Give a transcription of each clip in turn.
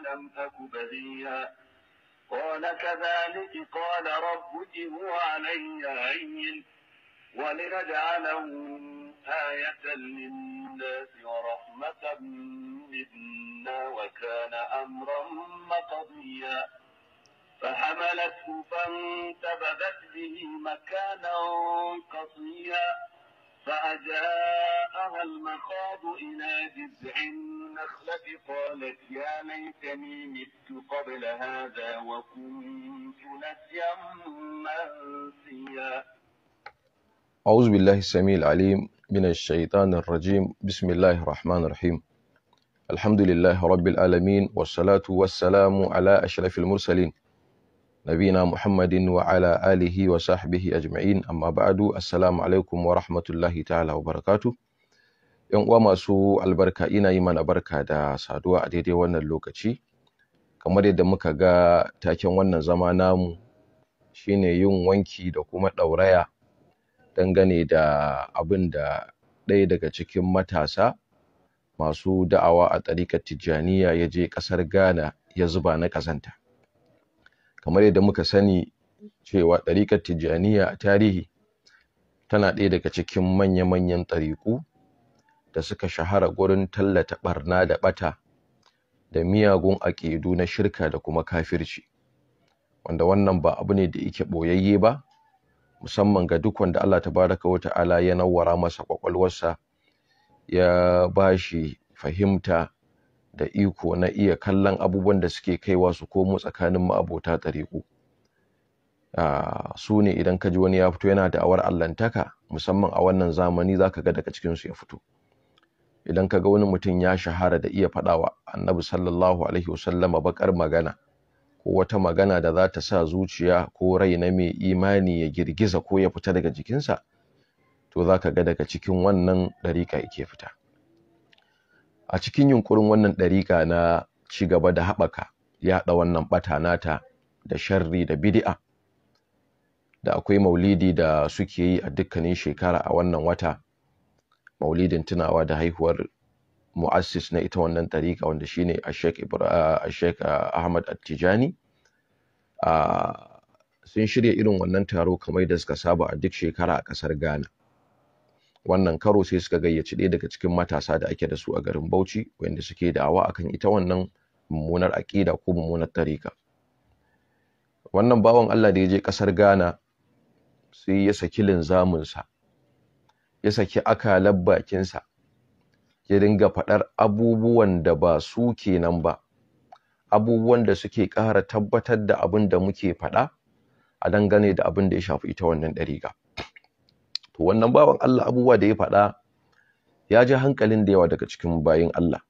لم أك بغيا قال كذلك قال ربك هو علي عين ولنجعله آية للناس ورحمة منا وكان أمرا مقضيا فحملته فانتبذت به مكانا قصيا فأجاءها المخاض إلى جذع النخلة قالت يا ليتني مت قبل هذا وكنت نسيا منسيا أعوذ بالله السميع العليم من الشيطان الرجيم بسم الله الرحمن الرحيم الحمد لله رب العالمين والصلاة والسلام على أشرف المرسلين نبينا محمد وعلى آله وصحبه أجمعين أما بعد السلام عليكم ورحمة الله تعالى وبركاته 'yan uwa masu albarka ina yi mana barka da saduwa a daidai wannan lokaci kamar yadda muka ga taken wannan zama namu shine yin wanki da kuma ɗauraya dangane da abin da ɗaya daga cikin matasa masu da'awa a ɗarikar tijjaniya ya je ƙasar ghana ya zuba na ƙazanta kamar yadda muka sani cewa ɗarikar tijjaniya a tarihi tana ɗaya daga cikin manya-manyan ɗariƙu da suka shahara gurin tallata barna da bata da miyagun aƙidu na shirka da kuma kafirci wanda wannan ba abu ne da yake boyayye ba musamman ga duk wanda Allah tabaraka wa ta'ala ya nawwara masa kwakwalwarsa ya bashi fahimta da iko na iya kallon abubuwan da suke kaiwa su komo tsakanin ma'abota ɗariƙu su ne idan ka ji wani ya fito yana da awar allantaka musamman a wannan zamani za ka ga daga cikinsu ya fito idan ka ga wani mutum ya shahara da iya faɗawa annabi sallallahu alaihi wasallama bakar magana ko wata magana da za ta sa zuciya ko rai na mai imani ya girgiza ko ya fita daga jikinsa to za ka ga daga cikin wannan ɗariƙa yake fita a cikin yunkurin wannan ɗariƙa na ci gaba da haɓaka yaɗa wannan bata nata da sharri da bid'a da akwai maulidi da suke yi a dukkanin shekara a wannan wata maulidin tunawa da haihuwar mu'assis na ita wannan ɗariƙa wanda shine a sheik ahmad attijani sun shirya irin wannan taro kamar da suka saba a duk shekara a ƙasar ghana wannan karo sai suka gayyaci ɗaya daga cikin matasa da ake da su a garin bauchi wanda suke da'awa akan ita wannan mummunar aƙida ko mummunar ɗariƙa wannan bawan allah da ya je ƙasar ghana sai ya saki sa ya saki akalar bakinsa ya dinga faɗar abubuwan da ba su kenan ba abubuwan da suke ƙara tabbatar da abin da muke faɗa a dangane da abin da ya shafi ita wannan ɗariga to wannan bawan Allah abubuwa da ya faɗa ya ji hankalin da yawa daga cikin bayin Allah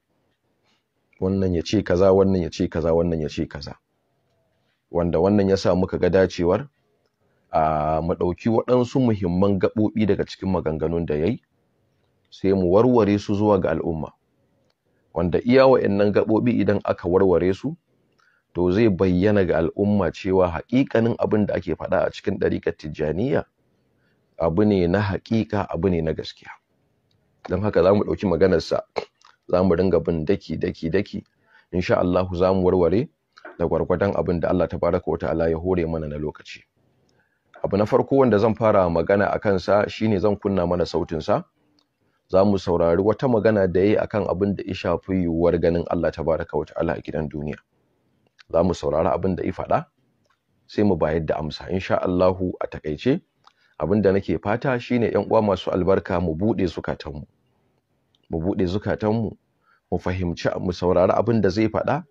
wannan ya ce kaza wannan ya ce kaza wannan ya ce kaza wanda wannan ya sa muka ga dacewar mu ɗauki waɗansu muhimman gaɓoɓi daga cikin maganganun da ya yi sai mu warware su zuwa ga al'umma wanda iya wa'annan gaɓoɓi idan aka warware su to zai bayyana ga al'umma cewa haƙiƙanin abin da ake faɗa a cikin ɗariƙar tijjaniya abu ne na haƙiƙa abu ne na gaskiya don haka za mu ɗauki maganarsa za mu ringa bin daki daki daki insha za mu warware da gwargwadon abin da Allah tabaraka wa ta'ala ya hore mana na lokaci abu na farko wanda zan fara magana a kansa shine zan kunna mana sautinsa za mu saurari wata magana da ya yi akan abin da ya shafi yiwuwar ganin Allah ta baraka wa ta'ala a gidan duniya za mu saurari abin da ya faɗa sai mu bayar da amsa insha Allahu a takaice abin da nake fata shine 'yan uwa masu albarka mu buɗe zukatanmu mu buɗe zukatanmu mu fahimci mu saurari abin da zai faɗa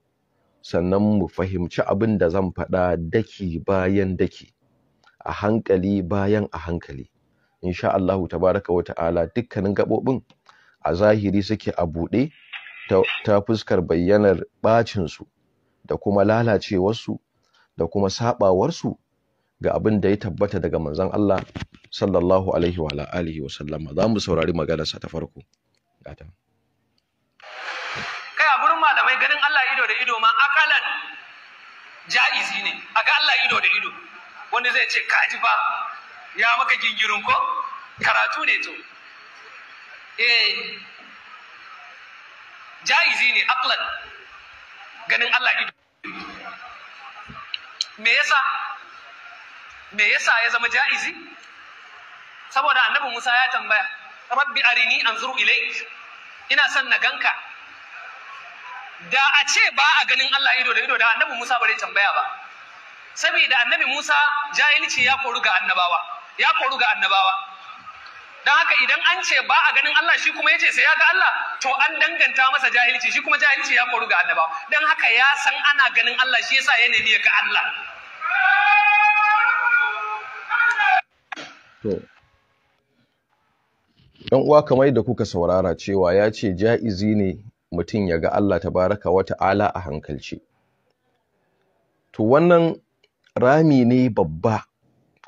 sannan mu fahimci abin da zan faɗa daki bayan daki a hankali bayan a hankali insha Allahu tabaraka wa ta'ala dukkanin gaɓoɓin a zahiri suke a buɗe ta fuskar bayyanar ɓacinsu da kuma lalacewarsu da kuma saɓawarsu ga abin da ya tabbata daga manzon Allah sallallahu alaihi wa alihi wa sallama za mu saurari maganarsa ta farko gata kai a gurin malamai ganin Allah ido da ido ma akalan ja'izi ne aga Allah ido da ido wani zai ce kaji ba ya maka gingirin ko karatu ne to eh jaizi ne aklan ganin Allah ido me yasa me yasa ya zama jaizi saboda annabi Musa ya tambaya rabbi arini anzuru ilayk ina son na ganka da a ce ba a ganin Allah ido da ido da annabi Musa bare tambaya ba saboda annabi Musa jahilci ya koru ga annabawa ya koru ga annabawa don haka idan an ce ba a ganin Allah shi kuma yace sai ya ga Allah to an danganta masa jahilci shi kuma jahilci ya koru ga annabawa don haka ya san ana ganin Allah shi yasa ya nemi ya ga Allah to dan uwa kamar da kuka saurara cewa ya ce ja'izi ne mutum ya ga Allah tabaraka wata Ala a hankalci, to wannan rami ne babba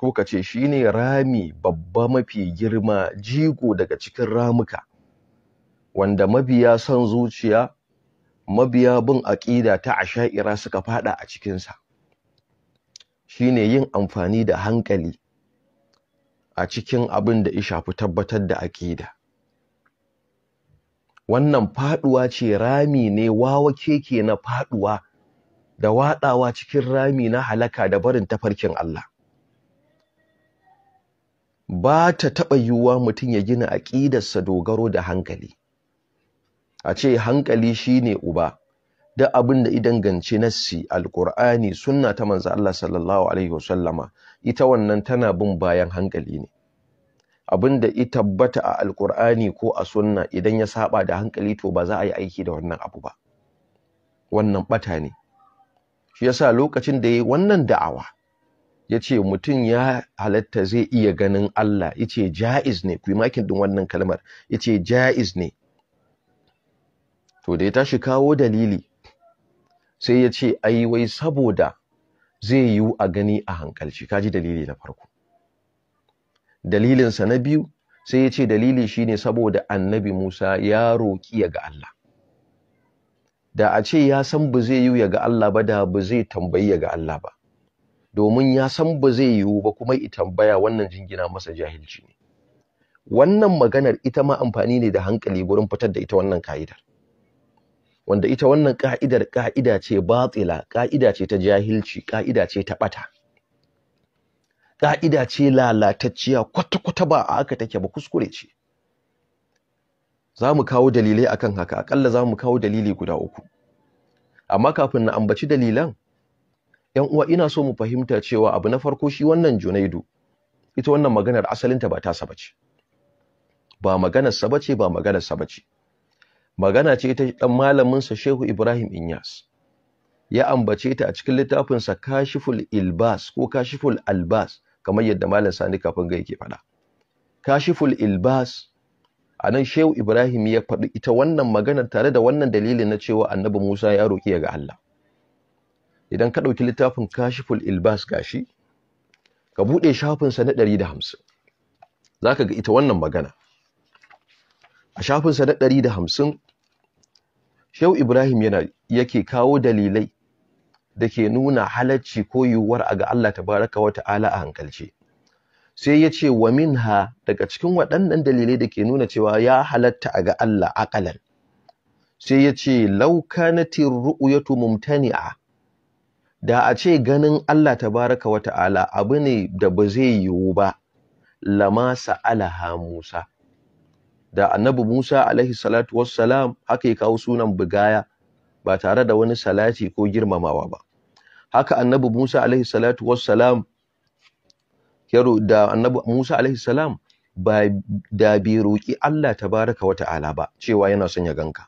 ko ka ce shi ne rami babba mafi girma jigo daga cikin ramuka wanda mabiya son zuciya mabiya bin aƙida ta asha'ira suka faɗa a cikinsa shi ne yin amfani da hankali a cikin abin da ya shafi tabbatar da aƙida wannan faduwa ce rami ne wawa keke na faduwa da waɗawa cikin rami na halaka da barin tafarkin Allah ba ta taɓa yiwuwa mutum ya gina aƙidarsa dogaro da hankali a ce hankali shine uba da abin da idan gance nassi alƙur'ani sunna ta manzo Allah sallallahu alaihi wasallama ita wannan tana bin bayan hankali ne abin da ita tabbata a alƙur'ani ko a sunna idan ya saba da hankali to ba za a yi aiki da wannan abu ba wannan ɓata ne shi yasa lokacin da yayi wannan da'awa yace mutum ya halatta zai iya ganin Allah yace jaiz ne ku makin din wannan kalmar yace jaiz ne to da ya tashi kawo dalili sai yace ai wai saboda zai yiwu a gani a hankalci kaji dalili na farko dalilinsa na biyu sai yace dalili shine saboda annabi Musa ya roƙi ya ga Allah da a ce ya san ba zai yi ya ga Allah ba da ba zai tambayi ya ga Allah ba domin ya san ba zai yiwu ba kuma i tambaya wannan jingina masa jahilci ne wannan maganar ita ma amfani ne da hankali gurin fitar da ita wannan ka'idar wanda ita wannan ka'idar ka'ida ce batila ka'ida ce ta jahilci ka'ida ce ta bata ka'ida ce lalatacciya kwata-kwata ba a aka take ba kuskure ce za mu kawo dalilai akan haka akalla za mu kawo dalili guda uku amma kafin na ambaci dalilan ‘yan uwa ina so mu fahimta cewa abu na farko shi wannan junaidu ita wannan maganar asalinta ba ta ce. ba maganar sa bace ba maganar sa bace magana ce ta dan malamin sa Shehu Ibrahim Inyas ya ambace ta a cikin littafin sa Kashiful Ilbas ko Kashiful Albas kamar yadda malam Sani kafin ga yake faɗa Kashiful Ilbas a nan shehu ibrahim ya faɗi ita wannan magana tare da wannan dalilin na cewa annabi musa ya roƙi ya ga allah idan ka ɗauki littafin kashiful ilbas gashi ka buɗe shafinsa na ɗari da hamsin za ka ga ita wannan magana a shafinsa na ɗari da hamsin shehu ibrahim yana yake kawo dalilai da ke nuna halacci ko yiwuwar a ga allah tabaraka wata ala a hankalce sai ya ce wa minha daga cikin waɗannan dalilai da ke nuna cewa ya halatta a ga Allah aƙalan sai ya ce laukanatin ru'uyatu mumtani'a da a ce ganin Allah Ta baraka wa ta'ala abu ne da ba zai yiwu ba lama sa'alaha Musa da annabi Musa alaihi salatu wassalam haka ya kawo sunan bugaya ba tare da wani salati ko girmamawa ba haka annabi Musa alaihi salatu wassalam yaro da annabi Musa alaihi salam ba da bai roki Allah tabaraka wa ta'ala ba cewa yana son ya ganka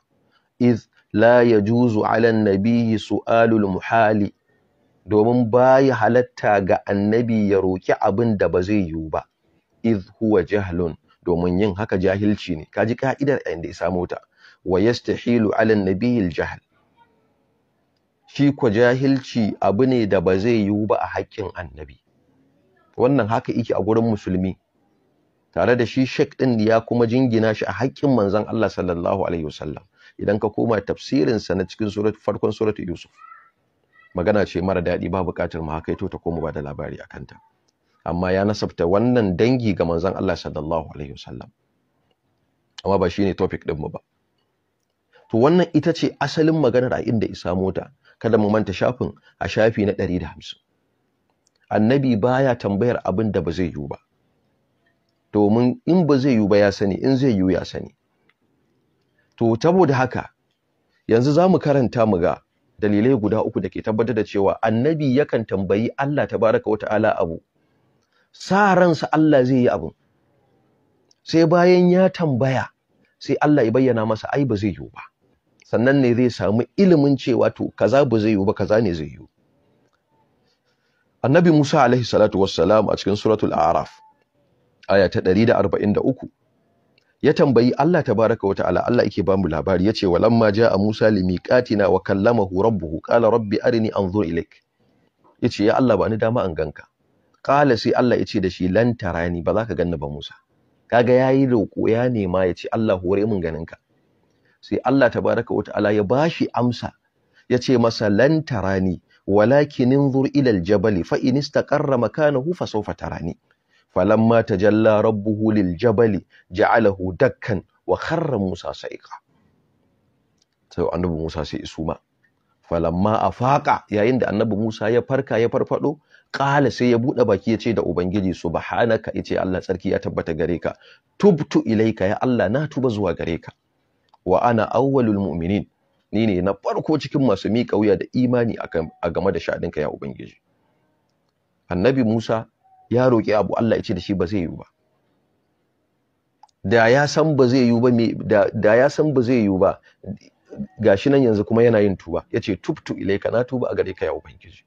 iz la yajuzu ala an-nabiyyi su'alul muhali domin baya halatta ga annabi ya roki abin da ba zai yiwu ba iz huwa jahlun domin yin haka jahilci ne kaji ka'idar inda ya samu ta wa yastahilu ala nabiyyi al-jahl shi ko jahilci abu ne da ba zai yiwu ba a hakkin annabi wannan haka yake a gurin musulmi tare da shi shek din ya kuma jingina shi a haƙƙin manzon Allah sallallahu alaihi wasallam idan ka koma tafsirin sa na cikin surat farkon suratu Yusuf magana ce mara daɗi ba buƙatar mu haka ta koma ba da labari akan ta amma ya nasabta wannan dangi ga manzon Allah sallallahu alaihi wasallam amma ba shine topic din mu ba to wannan ita ce asalin maganar a inda isa mota kada mu manta shafin a shafi na 150 annabi baya tambayar abin da ba zai yiwu ba domin in ba zai yiwu ba ya sani in zai yiwu ya sani to saboda haka yanzu za mu karanta mu ga dalilai guda uku da ke tabbatar da cewa annabi yakan tambayi Allah ta baraka wa ta'ala abu sa ransa Allah zai yi abu. sai bayan ya tambaya sai Allah ya bayyana masa ai ba zai yiwu ba sannan ne zai samu ilimin cewa to kaza ba zai yiwu ba kaza ne zai yiwu annabi Musa alaihi salatu wassalam a cikin suratul a'raf aya ta uku, ya tambayi Allah tabaraka wa ta'ala Allah yake ba mu labari yace walamma a Musa limiqatina wa kallamahu rabbuhu qala rabbi arini anzur ilaik yace ya Allah ba ni dama an ganka qala sai Allah ya ce da shi lan tarani ba za ka ganni ba Musa kaga yayi roƙo ya nema yace Allah hore mun ganin ka sai Allah tabaraka wa ta'ala ya bashi amsa yace masa lan tarani walakin inzur ila aljabal fa in istaqarra makanahu fa sawfa tarani falamma tajalla rabbuhu liljabal ja'alahu dakkan wa kharra musa sa'iqa sai annabi musa sai isuma falamma afaqa yayin da annabi musa ya farka ya farfaɗo, ƙala sai ya buɗe baki ya ce da Ubangiji subhanaka ya ce Allah tsarki ya tabbata gare ka tubtu ilaika ya Allah na tuba zuwa gare ka wa ana awwalul mu'minin ni ne na farko cikin masu miƙa wuya da imani a game da sha'aninka ya ubangiji annabi musa ya roƙi abu allah ya ce da shi ba zai yi ba da ya san ba zai yi ba da ya gashi nan yanzu kuma yana yin tuba ya ce tuftu ilaika na tuba a gare ka ya ubangiji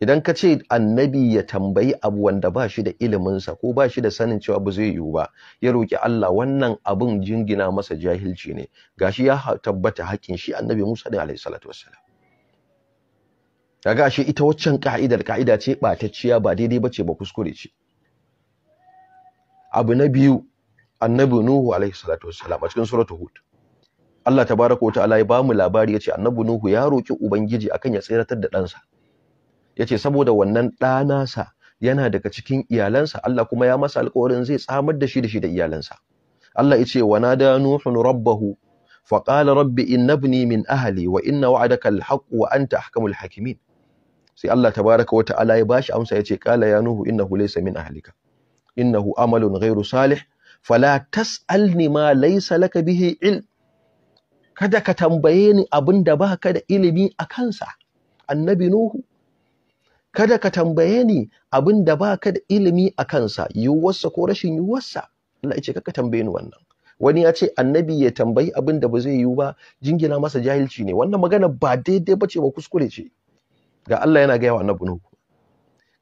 idan ka ce annabi ya tambayi abu wanda ba shi da iliminsa ko ba shi da sanin cewa ba zai yiwu ba ya roƙi Allah wannan abun jingina masa jahilci ne gashi ya tabbata haƙin shi annabi Musa din alaihi salatu wassalam ga gashi ita waccan ka'idar ka'ida ce ɓatacciya ba daidai bace ba kuskure ce abu na biyu annabi Nuhu alaihi salatu wassalam a cikin suratul Hud Allah tabaraka wa ta'ala ya bamu labari ce annabi Nuhu ya roƙi ubangiji akan ya tsiratar da ɗansa. yace saboda wannan ɗanasa yana daga cikin iyalansa Allah kuma ya masa alƙawarin zai tsamar da shi da shi da iyalansa Allah ce wa nada nuhun rabbahu fa qala rabbi innabni min ahli wa inna wa'adaka alhaq wa anta ahkamul hakimin sai Allah tabaraka wa ta'ala ya bashi amsa yace qala ya nuhu innahu laysa min ahlika innahu amalun ghairu salih fala tas'alni ma laysa laka bihi ilm kada ka tambaye ni abin da baka da ilimi a kansa annabi nuhu kada ka tambaye ni abin da ba ka da ilimi a kansa yiwuwarsa ko rashin yiwuwarsa Allah ya ce kaka tambaye ni wannan wani ya ce annabi ya tambayi abin da ba zai yiwu ba jingina masa jahilci ne wannan magana ba daidai ba ce ba kuskure ce ga Allah yana gaya wa annabi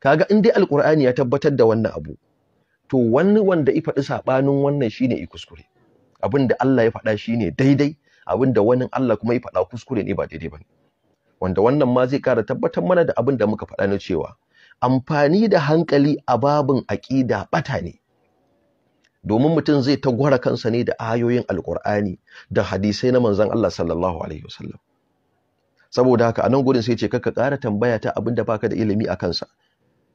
Ka kaga in dai alqur'ani ya tabbatar da wannan abu to wani wanda ya faɗi sabanin wannan shine i kuskure abin da Allah ya faɗa shine daidai abin da wani Allah kuma ya faɗa kuskure ne ba daidai ba ne wanda wannan ma zai ƙara tabbatar mana da abin da muka faɗa na cewa amfani da hankali a babin aƙida ɓata ne domin mutum zai ta gwara kansa ne da ayoyin alƙur'ani da hadisai na manzon Allah sallallahu alaihi wasallam saboda haka anan nan gurin sai ce kaka ƙara tambaya ta abin da baka da ilimi a kansa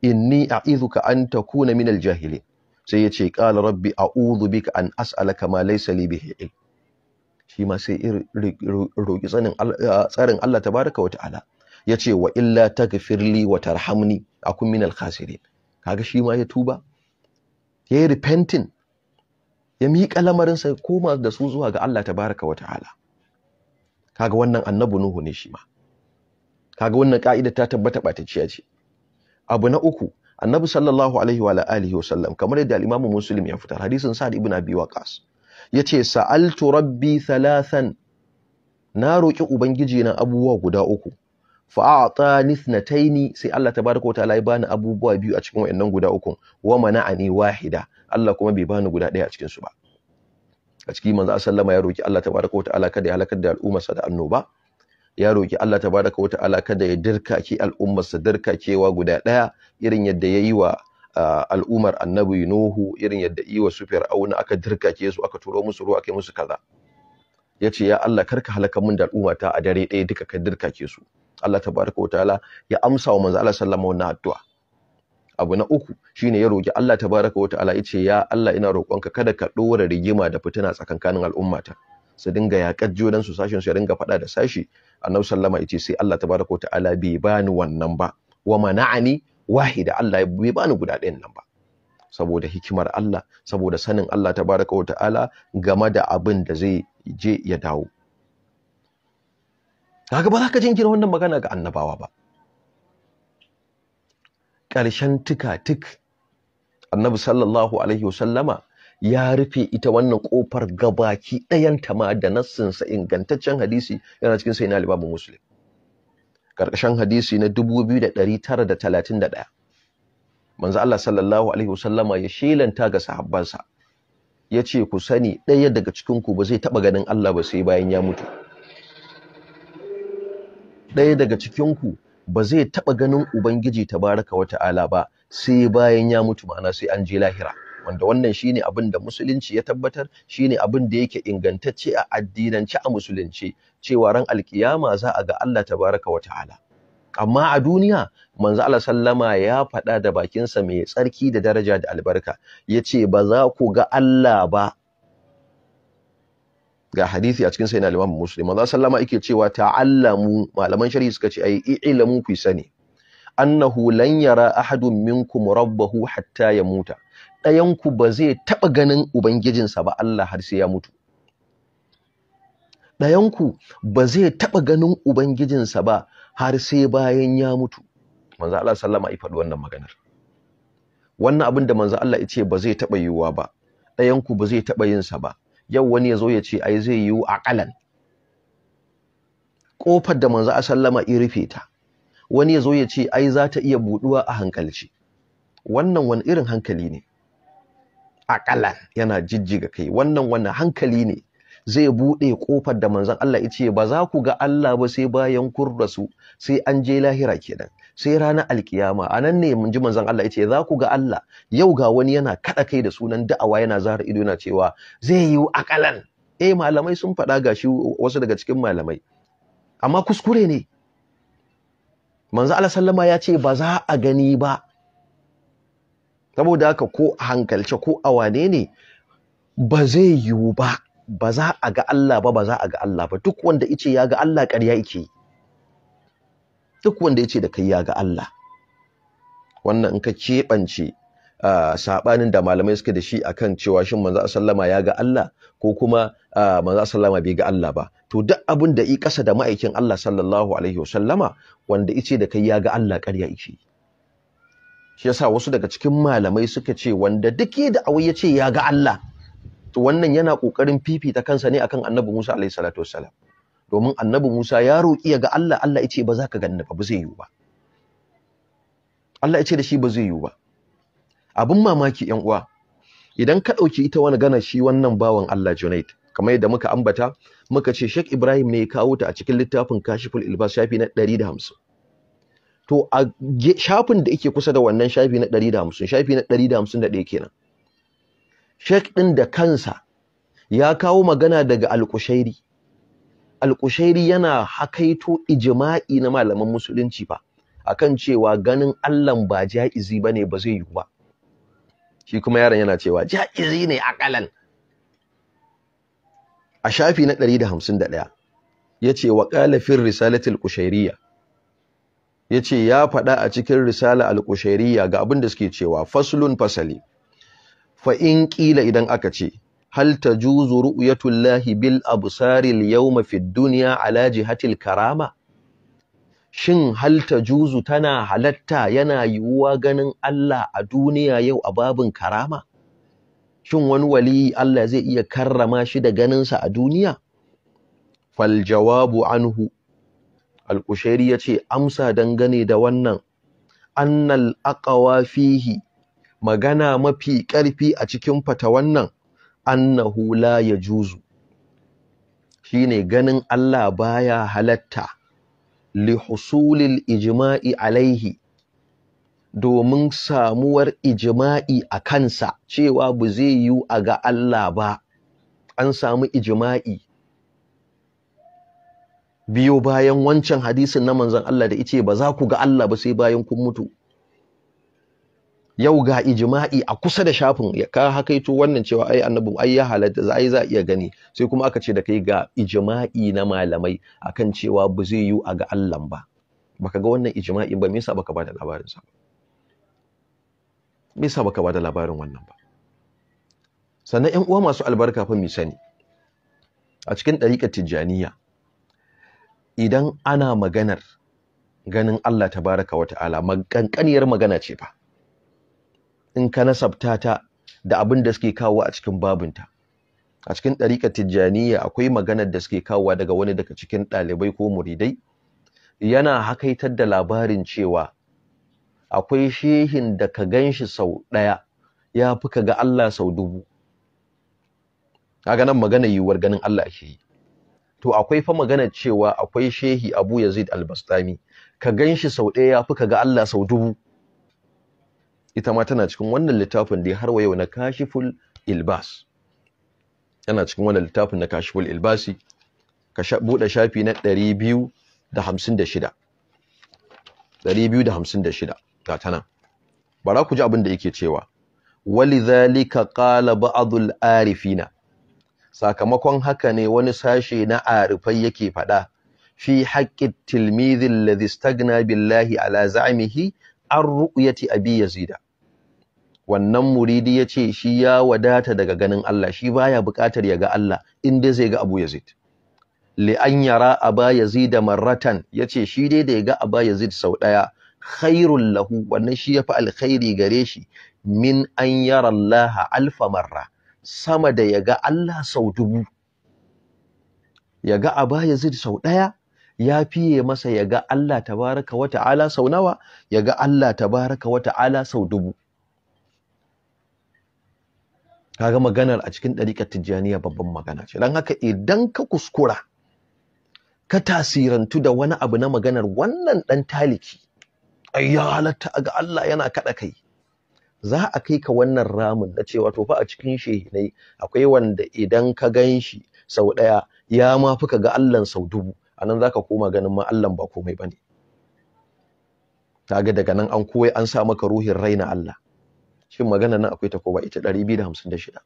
inni a'idhuka an takuna minal jahili sai ya ce qala rabbi a'udhu bika an as'alaka ma laysa li bihi shi ma sai roƙi tsarin Allah tabaraka wata'ala ya ce wa illa tagfirli wa tarhamni akun min al-khasirin kaga shi ya tuba ya yi repenting ya miƙa lamarinsa koma da su zuwa ga Allah tabaraka wata'ala kaga wannan annabi nuhu ne shi ma kaga wannan ka'ida ta tabbata ɓatacciya ce abu na uku annabi sallallahu alaihi wa alihi wa sallam kamar yadda al-imamu muslim ya fitar hadisin sa'ad ibn abi waqas Ya ce, sa'altu rabbi thalathan na roƙi ubangiji na abubuwa guda uku na taini, sai Allah tabaraka wata ta'ala ba bani abubuwa biyu a cikin wayannan guda uku wa ne wahida Allah kuma bai bani guda ɗaya a cikinsu ba a cikin manzo sallama ya roƙi Allah tabaraka wa ta'ala kada ya halakar da al'ummarsa da annoba ya roƙi Allah tabaraka wa ta'ala kada ya ke al'ummarsa kewa guda ɗaya irin yadda ya yi wa al'umar annabi nuhu irin yadda iwa su fir'auna aka dirkake su aka turo musu ruwa aka musu kaza yace ya Allah karka halaka mun da al'umata a dare ɗaya duka ka dirkake su Allah tabaraka wataala ya amsa wa manzo Allah wasallam wannan addu'a abu na uku shine ya roki Allah tabaraka wataala yace ya Allah ina roƙonka kada ka dora rigima da fitina tsakankanin al'ummata su dinga yaƙar junan su sashin su ya dinga faɗa da sashi annabi sallama yace sai Allah tabaraka wataala bai bani wannan ba wa mana'ani da Allah ya bai bani guda ɗayan nan ba saboda hikimar Allah saboda sanin Allah tabaraka wa ta'ala game da abin da zai je ya dawo kaga ba za ka jingina wannan magana ga annabawa ba ƙarshen tuka-tuk annabi sallallahu alaihi wasallama ya rufe ita wannan ƙofar gabaki ɗayanta ma da nassinsa ingantaccen hadisi yana cikin sai na muslim ƙarƙashin hadisi na 2931 manzo Allah sallallahu alaihi wasallama ya shelanta ga sahabbansa yace ku sani ɗaya daga cikin ku ba zai taba ganin Allah ba sai bayan ya mutu ɗaya daga cikin ku ba zai taba ganin ubangiji ta baraka wa ta'ala ba sai bayan ya mutu ma'ana sai an je lahira wanda wannan shine abin da musulunci ya tabbatar shine abin da yake ingantacce a addinance a musulunci cewa ran alkiyama za a ga Allah tabaraka wa ta'ala amma a duniya manzo Allah sallama ya faɗa da bakinsa mai tsarki da daraja da albarka yace ba za ku ga Allah ba ga hadisi a cikin sayyidina al-Imam Muslim manzo sallama yake cewa ta'allamu malaman shari'i suka ce ai ilamu ku sani annahu lan yara ahadun minkum rabbahu hatta yamuta dayan ku ba zai taba ganin ubangijinsa ba Allah har sai ya mutu ɗayanku ba zai taɓa ganin ubangijinsa ba har sai bayan ya mutu manzo Allah sallama ya faɗi wannan maganar wannan abin da manzo Allah ya ce ba zai taɓa yiwuwa ba ɗayanku ba zai taɓa yinsa ba yau wani ya zo ya ce ai zai yiwu aƙalan ƙofar da manzo Allah sallama ya rufe ta wani ya zo ya ce ai za ta iya buɗuwa a hankalci wannan wani irin hankali ne aƙalan yana jijjiga kai wannan wani hankali ne zai buɗe ƙofar da manzon Allah ya ce ba za ku ga Allah ba sai bayan kun rasu sai an je lahira kenan sai ranar alkiyama a nan ne mun ji manzon Allah ya ce za ku ga Allah yau ga wani yana kaɗa kai da sunan da'awa yana zahar ido yana cewa zai yi akalan eh malamai sun faɗa gashi wasu daga cikin malamai amma kuskure ne manzo Allah sallama ya ce ba za a gani ba saboda haka ko a hankalce ko a wane ne ba zai yiwu ba ba za a ga Allah ba ba za a ga Allah ba duk wanda yace ya ga Allah ƙarya yake duk wanda yace da kai ya ga Allah wannan in ka keɓance sabanin da malamai suka da shi akan cewa shin manzo sallama ya ga Allah ko kuma manzo sallama bai ga Allah ba to duk abun da i kasa da ma'aikin Allah sallallahu alaihi wasallama wanda yace da kai ya ga Allah ƙarya yake shi yasa wasu daga cikin malamai suka ce wanda duke da awai ya ce ya ga Allah to wannan yana kokarin fifita kansa ne akan annabi Musa alaihi salatu wassalam domin annabi Musa ya roki ga Allah Allah yace ba za ka ganni ba ba zai yiwu ba Allah yace da shi ba zai yiwu ba abin mamaki yan uwa idan ka dauki ita wani gana shi wannan bawan Allah Junaid kamar yadda muka ambata muka ce Sheikh Ibrahim ne ya kawo ta a cikin littafin Kashiful Ilbas shafi na 150 to a shafin da yake kusa da wannan shafi na 150 shafi na 151 kenan Sheikh ɗin da kansa ya kawo magana daga Al-Qushairi. Al-Qushairi yana hakaito ijma'i na malaman musulunci fa akan cewa ganin Allah ba ja'izi bane ba zai yiwu ba. Shi kuma yaron yana cewa ja'izi ne a ƙalan. A shafi na 151 yace wa qala fi risalatil qushairiyya yace ya faɗa a cikin risala al-qushairiyya ga abin da suke cewa faslun fasali fa in idan aka ce hal ta juzu ru'yatullahi bil absari yawma fid dunya ala jihatil karama shin hal ta juzu tana halatta yana yiwuwa ganin Allah a duniya yau a babin karama shin wani wali Allah zai iya karrama shi da ganinsa a duniya fal jawabu anhu al-kushairi yace amsa dangane da wannan annal aqwa fihi magana mafi ƙarfi a cikin fatawan nan annahu la yajuzu shine ganin Allah baya halatta li husulil ijma'i alaihi domin samuwar ijma'i a kansa cewa ba zai yiwu a ga Allah ba an samu ijma'i biyo bayan wancan hadisin na manzon Allah da ice ba za ku ga Allah ba sai bayan kun mutu yau ga ijma'i a kusa da shafin ya ka hakaito wannan cewa ai annabi ai ya halatta za za iya gani sai kuma aka ce da kai ga ijma'i na malamai akan cewa ba zai yi a ga Allah ba baka ga wannan ijma'i ba me yasa baka bada labarin sa me yasa baka bada labarin wannan ba sannan ƴan uwa masu albarka fa mi sani a cikin ɗariƙar tijjaniya idan ana maganar ganin Allah tabaraka wa ta'ala magankaniyar magana ce fa in ka nasabta ta da abin da suke kawo a cikin babinta a cikin ɗariƙa tijjaniya akwai maganar da suke kawo daga wani daga cikin ɗalibai ko muridai yana hakaitar da labarin cewa akwai shehin da ka gan shi sau ɗaya ya fi ka ga Allah sau dubu kaga nan magana yiwuwar ganin Allah ake yi to akwai fa magana cewa akwai shehi Abu Yazid Al-Bastami ka gan shi sau ɗaya ya fi ka ga Allah sau dubu ita ma tana cikin wannan littafin da har wa yau na kashiful ilbas yana cikin wannan littafin na kashiful ilbasi ka buɗe shafi na 256 256 ga tana bara ku ji abin da yake cewa walidhalika qala ba'dul arifina sakamakon haka ne wani sashe na arifai yake faɗa fi haƙƙin tilmizi alladhi istagna billahi ala za'mihi an ru'yati abi yazida wannan muridi ya ce shi ya wadata daga ganin Allah shi baya buƙatar ya ga Allah in dai zai ga Abu Yazid li an yara Aba Yazid marratan ya ce shi dai da ya ga Aba Yazid sau ɗaya khairul lahu wannan shi yafi alkhairi gare shi min an yara Allah alfa marra sama da ya ga Allah sau dubu ya ga Aba Yazid sau ɗaya ya fiye masa ya ga Allah tabaraka wa sau nawa ya ga Allah tabaraka wa ta'ala sau dubu kaga maganar a cikin ɗariƙar tijjaniya babban magana ce don haka idan ka kuskura ka tasirantu da wani abu na maganar wannan ɗan taliki ayya halatta halatta ga Allah yana kaɗa kai za a kai ka wannan ramin na cewa to fa a cikin shehinai akwai wanda idan ka gan shi sau ɗaya ya ma fi ka ga Allahn sau dubu a nan za ka koma ganin ma Allahn ba komai ba ne daga nan an koyi an sa maka ruhin raina Allah shin magana nan akwai ta ko ba ita 256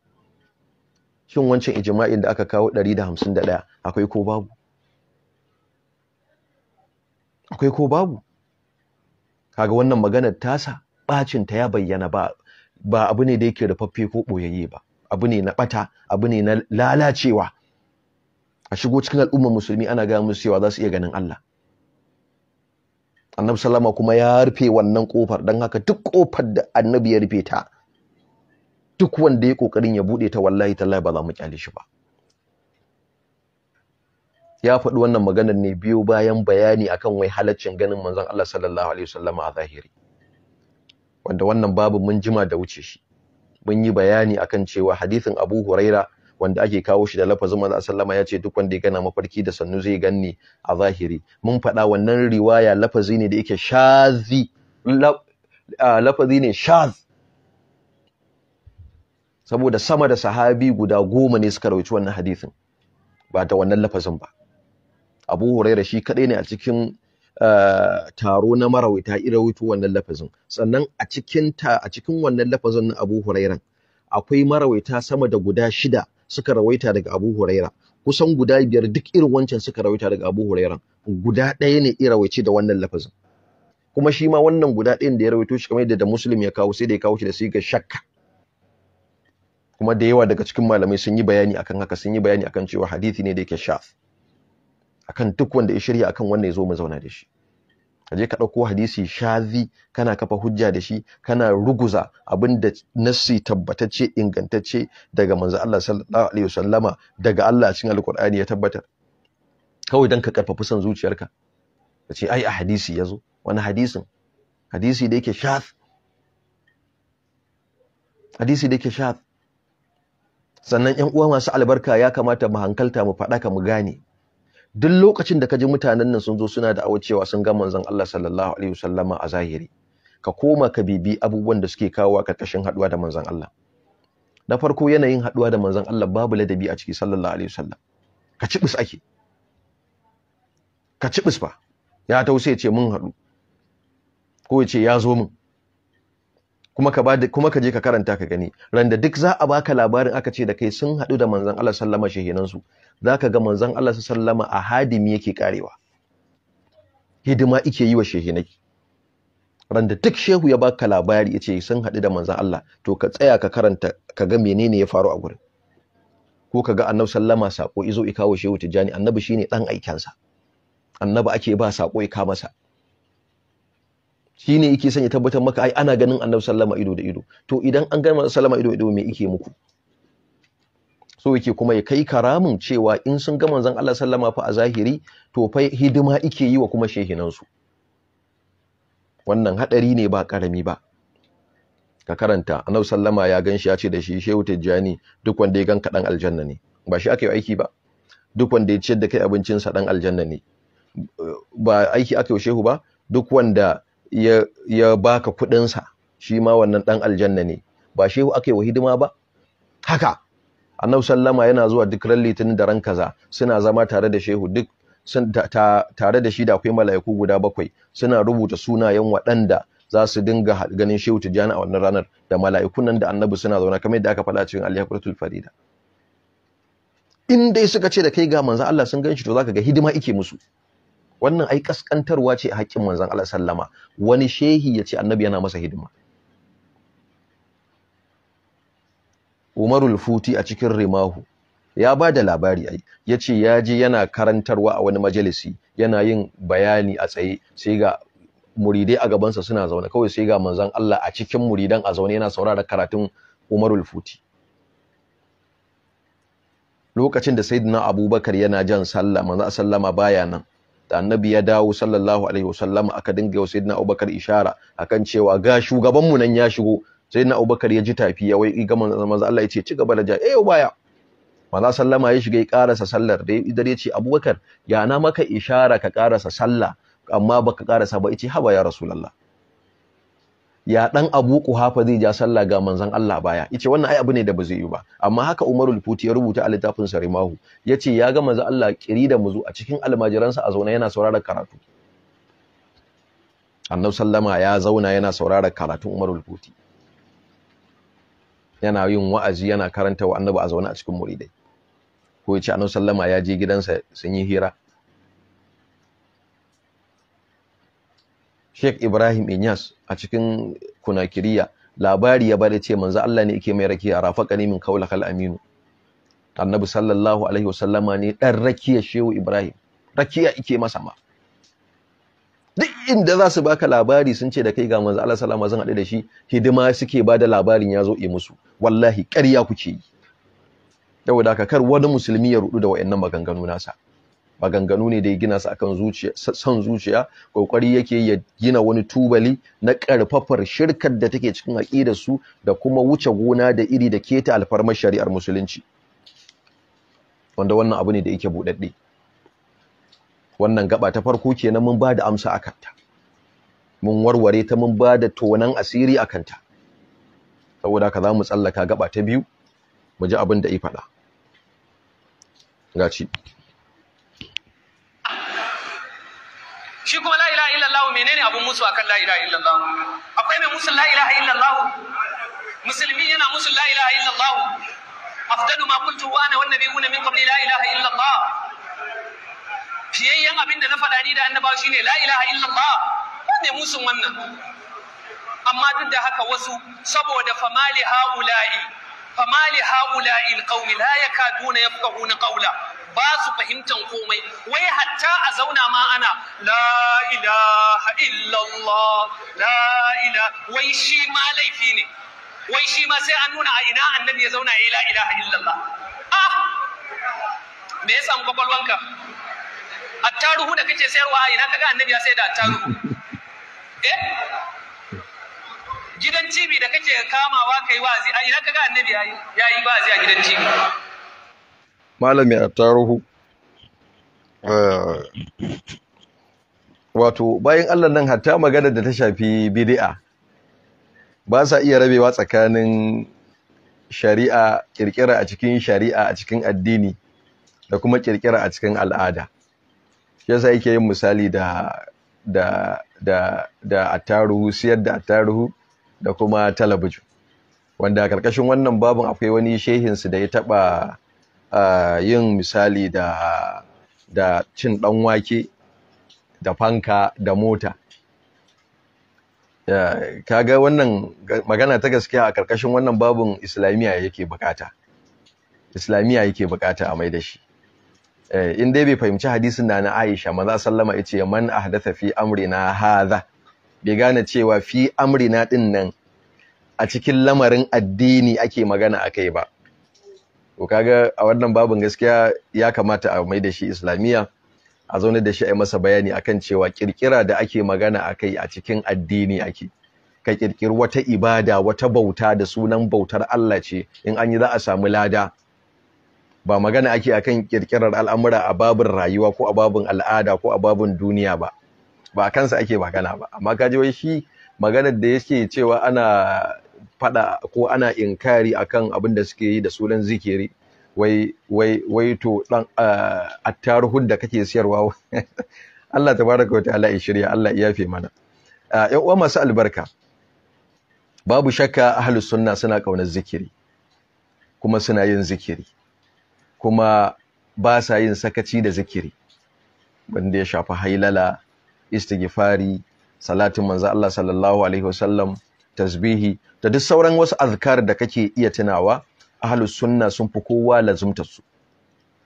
shin wancan ijma'in da aka kawo 151 akwai ko babu akwai ko babu kaga wannan maganar tasa bacin ta ya bayyana ba ba abu ne da yake rufaffe ko boyayye ba abu ne na bata abu ne na lalacewa a shigo cikin al'ummar musulmi ana ga musu cewa za su iya ganin Allah annabi sallama kuma ya rufe wannan kofar don haka duk kofar da annabi ya rufe ta duk wanda ya kokarin ya bude ta wallahi tallahi ba za mu kyale shi ba ya faɗi wannan maganar ne biyo bayan bayani akan wai halaccin ganin manzon Allah sallallahu alaihi wasallama a zahiri wanda wannan babu mun jima da wuce shi mun yi bayani akan cewa hadisin Abu Huraira wanda ake kawo shi da lafazin manzo sallama ya ce duk wanda ya gana mafarki da sannu zai ganni a zahiri mun faɗa wannan riwaya lafazi ne da yake shazi lafazi ne shaz saboda sama da sahabi guda goma ne suka rauci wannan hadisin ba da wannan lafazin ba abu huraira shi kaɗai ne a cikin taro na marawita irawito wannan lafazin sannan a cikin ta a cikin wannan lafazin na abu hurairan akwai marawaita sama da guda shida suka rawaita daga Abu Huraira kusan guda biyar duk irin wancan suka rawaita daga Abu Huraira guda ɗaya ne ya rawaice da wannan lafazin kuma shi ma wannan guda ɗayan da ya rawaito shi kamar yadda da Muslim ya kawo sai da ya kawo shi da sigar shakka kuma da yawa daga cikin malamai sun yi bayani akan haka sun yi bayani akan cewa hadisi ne da yake shaf akan duk wanda ya shirya akan wannan ya zo mu zauna da shi ka je ka ɗauko hadisi shazi kana kafa hujja da shi kana ruguza abin da nassi tabbatacce ingantacce daga manzo Allah sallallahu alaihi wasallama daga Allah cikin alqur'ani ya tabbatar kawai dan ka karfafi san zuciyarka ka ce ai a hadisi yazo wani hadisin hadisi da yake shaz hadisi da yake shaz sannan ƴan uwa masu albarka ya kamata mu hankalta mu faɗaka mu gane duk lokacin da ka ji mutanen nan sun zo suna da awo cewa sun ga manzon Allah sallallahu alaihi wasallama a zahiri ka koma ka bibi abubuwan da suke kawo karkashin haduwa da manzon Allah na farko yanayin haduwa da manzon Allah babu ladabi a ciki sallallahu alaihi wasallam ka ci cibis ake ka ci bis fa ya tausaye ce mun hadu ko ya ce ya zo mun kuma ka bada kuma ka je ka karanta ka gani randa duk za a baka labarin aka ce da kai sun haɗu da manzon Allah sallama shehinan su zaka ga manzon Allah sallama a hadimi yake karewa hidima yake yi wa shehinai randa duk shehu ya baka labari yace sun hadu da manzon Allah to ka tsaya ka karanta ka ga menene ya faru a gurin ko ka ga annabi sallama sako izo ikawo shehu tijani annabi shine dan aikensa annabi ake ba sako ika masa Shi yake son ya tabbatar maka ai ana ganin annabi sallama ido da ido to idan an gama sallama ido da ido me yake muku so yake kuma ya kai karamin cewa in sun ga manzon Allah sallama fa a zahiri to fa hidima yake yi wa kuma shehinansu wannan hadari ne ba karami ba ka karanta annabi sallama ya ganshi ya ce da shi shehu tijjani duk wanda ya ganka dan aljanna ne ba shi aka yi aiki ba duk wanda ya ciyar da kai abincinsa dan aljanna ne ba aiki aka yi shehu ba duk wanda ya baka kuɗinsa shi ma wannan dan aljanna ne ba shehu ake wa hidima ba haka annabi sallama yana zuwa duk ran litinin da ran kaza suna zama tare da shehu duk tare da shi da akwai mala'iku guda bakwai suna rubuta sunayen waɗanda za su dinga ganin shehu tijjani a wannan ranar da mala'iku nan da annabi suna zauna kamar yadda aka faɗa cikin al-yaqratul farida in dai suka ce da kai ga manzo Allah sun ganshi to zaka ga hidima ike musu wannan ai kaskantarwa ce a haƙƙin manzon Allah sallama wani shehi ya ce annabi yana masa hidima Umarul Futi a cikin Rimahu ya ba da labari ai ya ce ya je yana karantarwa a wani majalisi yana yin bayani a tsaye sai ga muridai a gabansa suna zaune kawai sai ga manzon Allah a cikin muridan a zaune yana saurara karatun Umarul Futi lokacin da Sayyidina Abubakar yana jan sallah manzo sallama baya nan da annabi ya dawo sallallahu alaihi wasallama aka dinga yau sayyidina abubakar ishara akan cewa ga shugaban mu nan ya shigo sayyidina abubakar ya ji tafi ya wai ga manzo Allah ya ci gaba da ja eh baya maza sallama ya shiga ya karasa sallar da idan ya ce abubakar ya na maka ishara ka karasa sallah amma baka karasa ba yace haba ya rasulullah ya dan Abu hafa zai ja sallah ga manzon Allah baya yace wannan ai abu ne da ba zai yi ba amma haka Umarul Futi ya rubuta a littafin sa Rimahu yace ya ga manzon Allah kiri da muzu a cikin almajiransa a zauna yana sauraron karatu Annabi sallama ya zauna yana sauraron karatun Umarul Futi yana yin wa'azi yana karanta wa Annabi a zauna a cikin muridai ko yace Annabi sallama ya je gidansa sun yi hira Sheikh Ibrahim Inyas a cikin kunakiriya labari ya bada ce manzo Allah ne yake mai rakiya rafaqani min kaulakal aminu annabi sallallahu alaihi wasallama ne dan rakiya shehu Ibrahim rakiya yake masa ma duk inda za su baka labari sun ce da kai ga manzo Allah sallama zan haɗu da shi hidima suke bada labarin ya zo yi musu wallahi ƙarya kuke yi saboda ka kar wani musulmi ya rudu da wayannan maganganu nasa maganganu ne da ya gina su akan zuciya son zuciya kokari yake ya gina wani tubali na karfafar shirkar da take cikin aqidar su da kuma wuce gona da iri da keta alfarmar shari'ar musulunci wanda wannan abu ne da yake buɗaɗɗe. wannan gaba ta farko kenan mun ba da amsa akan ta mun warware ta mun ba da tonan asiri akan ta saboda haka za mu tsallaka gaba ta biyu mu ji abin da ya faɗa gaci shi kuma la ilaha illallah menene abun musu akan la ilaha illallah akwai mai musu la ilaha illallah musulmi yana musu la ilaha illallah afdalu ma kuntu wa ana wan nabiyuna min qabli la ilaha illallah fiyayyen abin da na faɗa ni da annabawa shine la ilaha illallah ne musun wannan amma duk da haka wasu saboda famali haula'i famali haula'i alqawmi la yakaduna yafqahuna qawla ba su fahimtan komai wai hatta a zauna ma ana la ilaha illallah la ila wai shi ma laifi ne wai shi ma sai an nuna a ina annabi ya zauna ya la ilaha illallah ah me ya samu kwakwalwanka attaruhu da kake sayarwa a ina kaga annabi ya sayar da attaruhu eh gidan cibi da kake kamawa kai wazi a ina kaga annabi yayi yayi wazi a gidan cibi malami attaruhu eh, wato bayan Allah nan hatta magana da ta shafi bidi'a ba sa iya rabewa tsakanin shari'a kirkira a cikin shari'a a cikin addini da kuma kirkira a cikin al'ada yasa yake yin misali da da da da attaruhu siyar da attaruhu da kuma talabijin wanda a karkashin wannan babun akwai wani shehinsu da ya taba yin misali da da cin ɗan wake da fanka da mota kaga wannan magana ta gaskiya a ƙarƙashin wannan babun islamiyya yake bukata islamiyya yake bukata a mai da shi e, in dai bai fahimci hadisin da na Aisha maza sallama yace man ahdatha fi amrina hadha bai gane cewa fi amrina din nan a cikin lamarin addini ake magana akai ba to kaga a wannan babin gaskiya ya kamata a mai da shi islamiyya a zaune da shi a masa bayani akan cewa kirkira da ake magana akai a cikin addini ake ka kirkiri wata ibada wata bauta da sunan bautar Allah ce in an yi za a samu lada ba magana ake akan kirkirar al'amura a babin rayuwa ko a babin al'ada ko a babin duniya ba ba kansa ake magana ba amma kaji wai shi maganar da yake cewa ana fada ko ana inkari akan abin da suke yi da sunan zikiri wai wai wai to dan attaruhun da kake siyarwa Allah tabaraka ta'ala ya shirya Allah ya yafe mana ya uwa masu albarka babu shakka ahlus sunna suna kaunar zikiri kuma suna yin zikiri kuma ba sa yin sakaci da zikiri wanda ya shafi hailala istighfari salatin manzo Allah sallallahu alaihi wasallam tasbihi da duk sauran wasu azkar da kake iya tunawa ahlus sunna sun fi kowa lazumtar su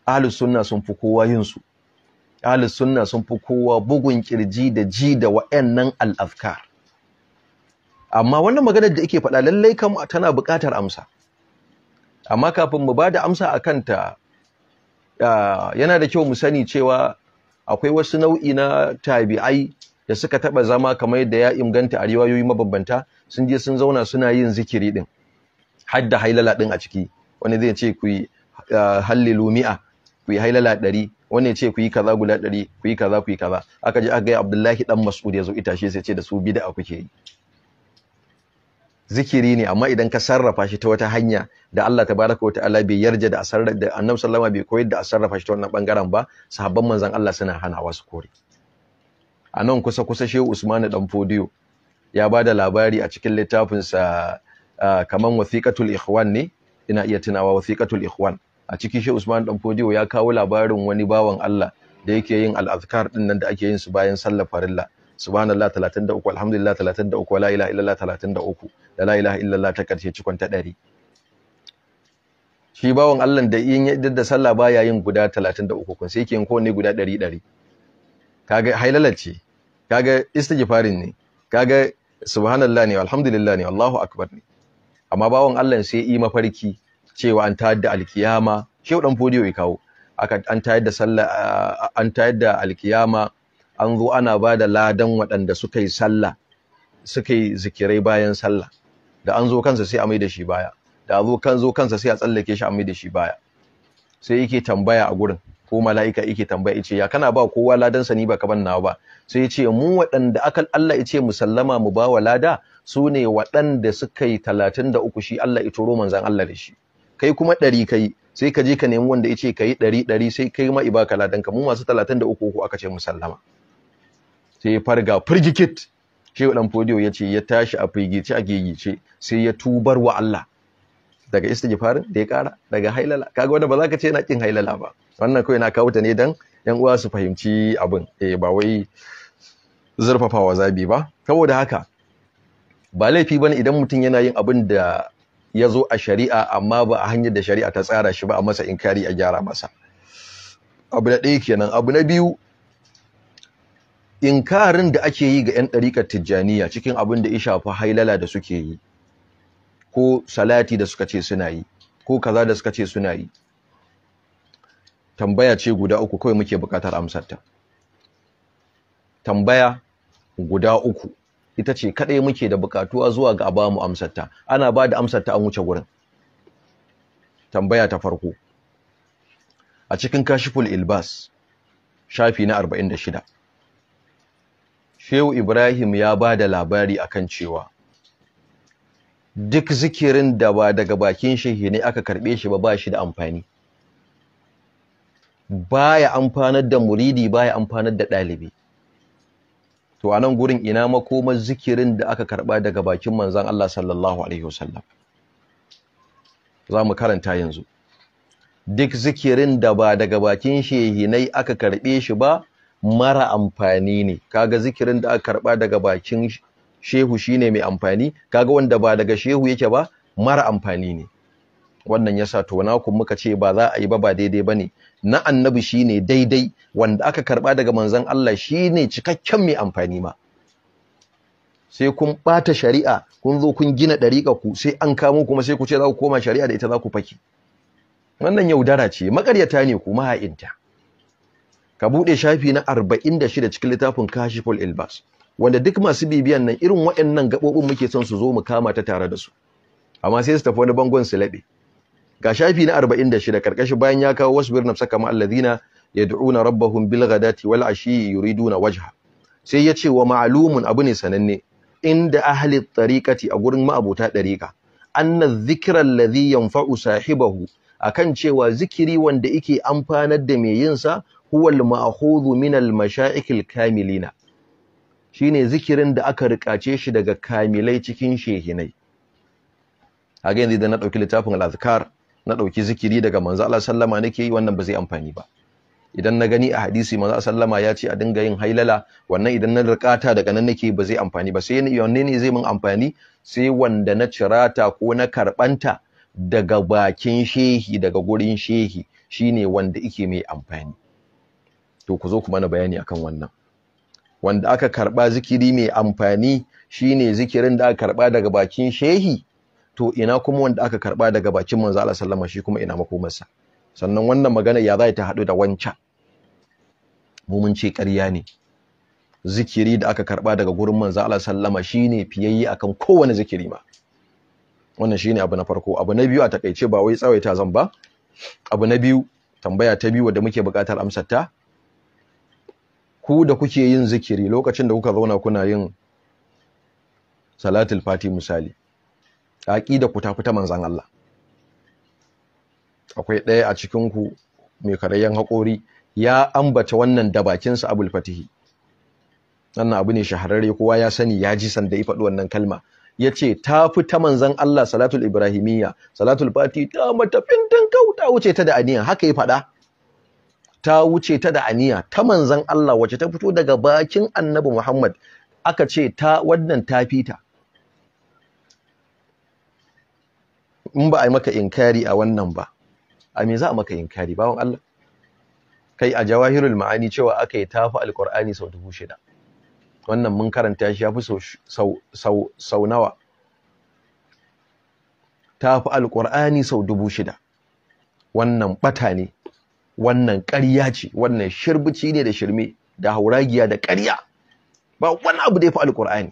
ahlus sunna sun fi kowa yin su ahlus sunna sun fi kowa bugun kirji da ji da wa'annan al-azkar amma wannan maganar da yake faɗa lallai kam tana buƙatar amsa amma kafin mu bada amsa a kanta, yana da kyau mu sani cewa akwai wasu nau'i na tabi'ai da suka taɓa zama kamar yadda ya inganta a riwayoyi mabambanta sun je sun zauna suna yin zikiri din hadda hailala din a ciki wani zai ce ku yi ah, hallilu mi'a ku yi hailala ɗari wani ya ce ku yi kaza guda ɗari ku yi kaza ku yi kaza aka je aka gaya abdullahi dan mas'ud ya zo itace sai ce da su bid'a kuke yi zikiri ne amma idan ka sarrafa shi ta wata hanya da Allah tabaraka wa ta'ala bai yarda da asarra da annabi sallama bai koyar da a sarrafa shi ta wannan bangaren ba sahabban manzon Allah suna hanawa wasu kore a nan kusa kusa shehu usmanu dan fodiyo ya ba da labari a cikin littafinsa kaman wasiƙatul ikhwan ne ina iya tunawa wasiƙatul ikhwan a ciki shi Usman dan Fodiyo ya kawo labarin wani bawan Allah da yake yin al-azkar din nan da ake yin su bayan sallar farilla subhanallah 33 alhamdulillah 33 la ilaha illallah 33 da la ilaha illallah ta karshe cikon ta 100 shi bawan Allah da yin yadda da sallah baya yin guda 33 kun sai yake yin kowanne guda 100 100 kaga hailalar ce kaga istighfarin ne kaga subhanallah ne alhamdulillah ne Allahu akbar ne amma bawon Allah sai yi mafarki cewa an tayar da alkiyama shehu dan fodiyo ya kawo aka an tayar da sallah an tayar da alkiyama an zo ana ba da ladan waɗanda suka yi sallah suka yi zikirai bayan sallah da an zo kansa sai a mai da shi baya da zo kan zo kansa sai a tsallake shi a mai da shi baya sai yake tambaya a gurin ko mala'ika yake tambaya yace ya kana ba kowa ladan sa ni ba ka ban nawa ba sai yace mu waɗanda akal Allah yace mu sallama mu ba wa lada su ne waɗanda suka yi 33 shi Allah ya turo manzon Allah da shi kai kuma ɗari kai sai ka je ka nemi wanda yace kai ɗari ɗari sai kai ma ibaka ladan ka mu masu 33 ko aka ce mu sallama sai ya farga firgikit shi dan fodiyo yace ya tashi a firgice a gigice sai ya tubar wa Allah daga istighfarin da ya kara daga hailala kaga wanda ba za ka ce yana kin hailala ba wannan kawai na kawo ta ne dan yan uwa su fahimci abin eh ba wai zurfafawa zabi ba saboda haka ba laifi bane idan mutum yana yin abin da ya zo a shari'a amma ba a hanyar da shari'a ta tsara shi ba a masa inkari a gyara masa abu na ɗaya kenan abu na biyu inkarin da ake yi ga 'yan ɗarikar tijjaniya cikin abin da ya shafi hailala da suke yi ko salati da suka ce suna yi ko kaza da suka ce suna yi tambaya ce guda uku kawai muke buƙatar ta tambaya guda uku ita ce kadai muke da buƙatuwa zuwa ga abamu amsar amsarta ana ba da amsarta an wuce gurin tambaya ta farko a cikin kashiful ilbas shafi na 46 Shehu Ibrahim ya ba da labari akan cewa duk zikirin da ba daga bakin shehi ne aka karbe shi ba ba shi da amfani Ba ya amfanar da muridi ba ya amfanar da ɗalibi to a nan gurin ina makomar zikirin da aka karba daga bakin manzan Allah sallallahu alaihi wasallam za mu karanta yanzu duk zikirin da ba daga bakin ne aka karɓe shi ba mara amfani ne kaga zikirin da aka karba daga bakin shehu shine mai amfani kaga wanda ba daga shehu yake ba mara amfani ne wannan yasa to na kun muka ce ba za a yi ba ba daidai bane na annabi shine daidai wanda aka karba daga manzon Allah shine cikakken mai amfani ma sai kun bata shari'a kun zo kun gina dariƙa ku sai an kamo kuma sai ku ce za ku koma shari'a da ita za ku faki wannan yaudara ce makaryata ne ku maha'inta ka bude shafi na 46 cikin littafin kashiful ilbas wanda duk masu bibiyan nan irin waɗannan gaɓoɓin muke son su zo mu kama ta tare da su amma sai su tafi wani bangon su laɓe ga shafi na 46 karkashin bayan ya kawo wasbir nafsaka ma alladhina yad'una rabbahum bil ghadati wal ashi yuriduna wajha sai ya ce wa ma'lumun abu ne sananne inda ahli tariqati a gurin ma'abota dariqa anna dhikra alladhi yanfa'u sahibahu akan cewa zikiri wanda yake amfanar da mai yin sa huwal ma'khudhu min al masha'ikil kamilina shine zikirin da aka rikace shi daga kamilai cikin shehinai haga yanzu idan na dauki littafin al-azkar na dauki zikiri daga manzo Allah sallama nake yi wannan ba zai amfani ba idan na gani a hadisi manzo sallama ya ce a dinga yin hailala wannan idan na rikata daga nan nake ba zai amfani ba sai ne ne zai min amfani sai wanda na cirata ko na karbanta daga bakin shehi daga gurin shehi shine wanda yake mai amfani to ku zo ku mana bayani akan wannan wanda aka karba zikiri mai amfani shine zikirin da aka karba daga bakin shehi to ina kuma wanda aka karba daga bakin manzo Allah sallama shi kuma ina makomarsa sannan wannan magana ya zai ta hadu da wancan mu mun ce ƙarya ne zikiri da aka karba daga gurin manzo Allah sallama shine fiyayye akan kowane zikiri ma wannan shine abu na farko abu na biyu a takeice ba wai tsawaita zan ba abu na biyu tambaya ta biyu da muke buƙatar amsar ta ku da kuke yin zikiri lokacin da kuka zauna kuna yin salatul fati misali aqida ku ta fita manzan Allah akwai ɗaya a cikin ku mai karayen haƙori ya ambata wannan da bakinsa abul fatihi wannan abu ne shahararre kowa ya sani ya ji sanda ya faɗi wannan kalma ya ce ta fita ta manzan Allah salatul ibrahimiyya salatul fati ta mata tankau ta wuce ta da aniya haka ya faɗa ta wuce ta da aniya ta manzan Allah wacce ta fito daga bakin annabi Muhammad aka ce ta wannan ta fita in ba a yi maka inkari a wannan ba a me za a maka inkari bawon Allah kai a jawahirul ma'ani cewa aka yi tafi alkur'ani sau dubu shida wannan mun karanta shi ya fi sau nawa tafi alkur'ani sau dubu shida wannan bata ne wannan ƙarya ce wannan shirbici ne da shirme da hauragiya da ƙarya ba wani abu da ya fi alƙur'ani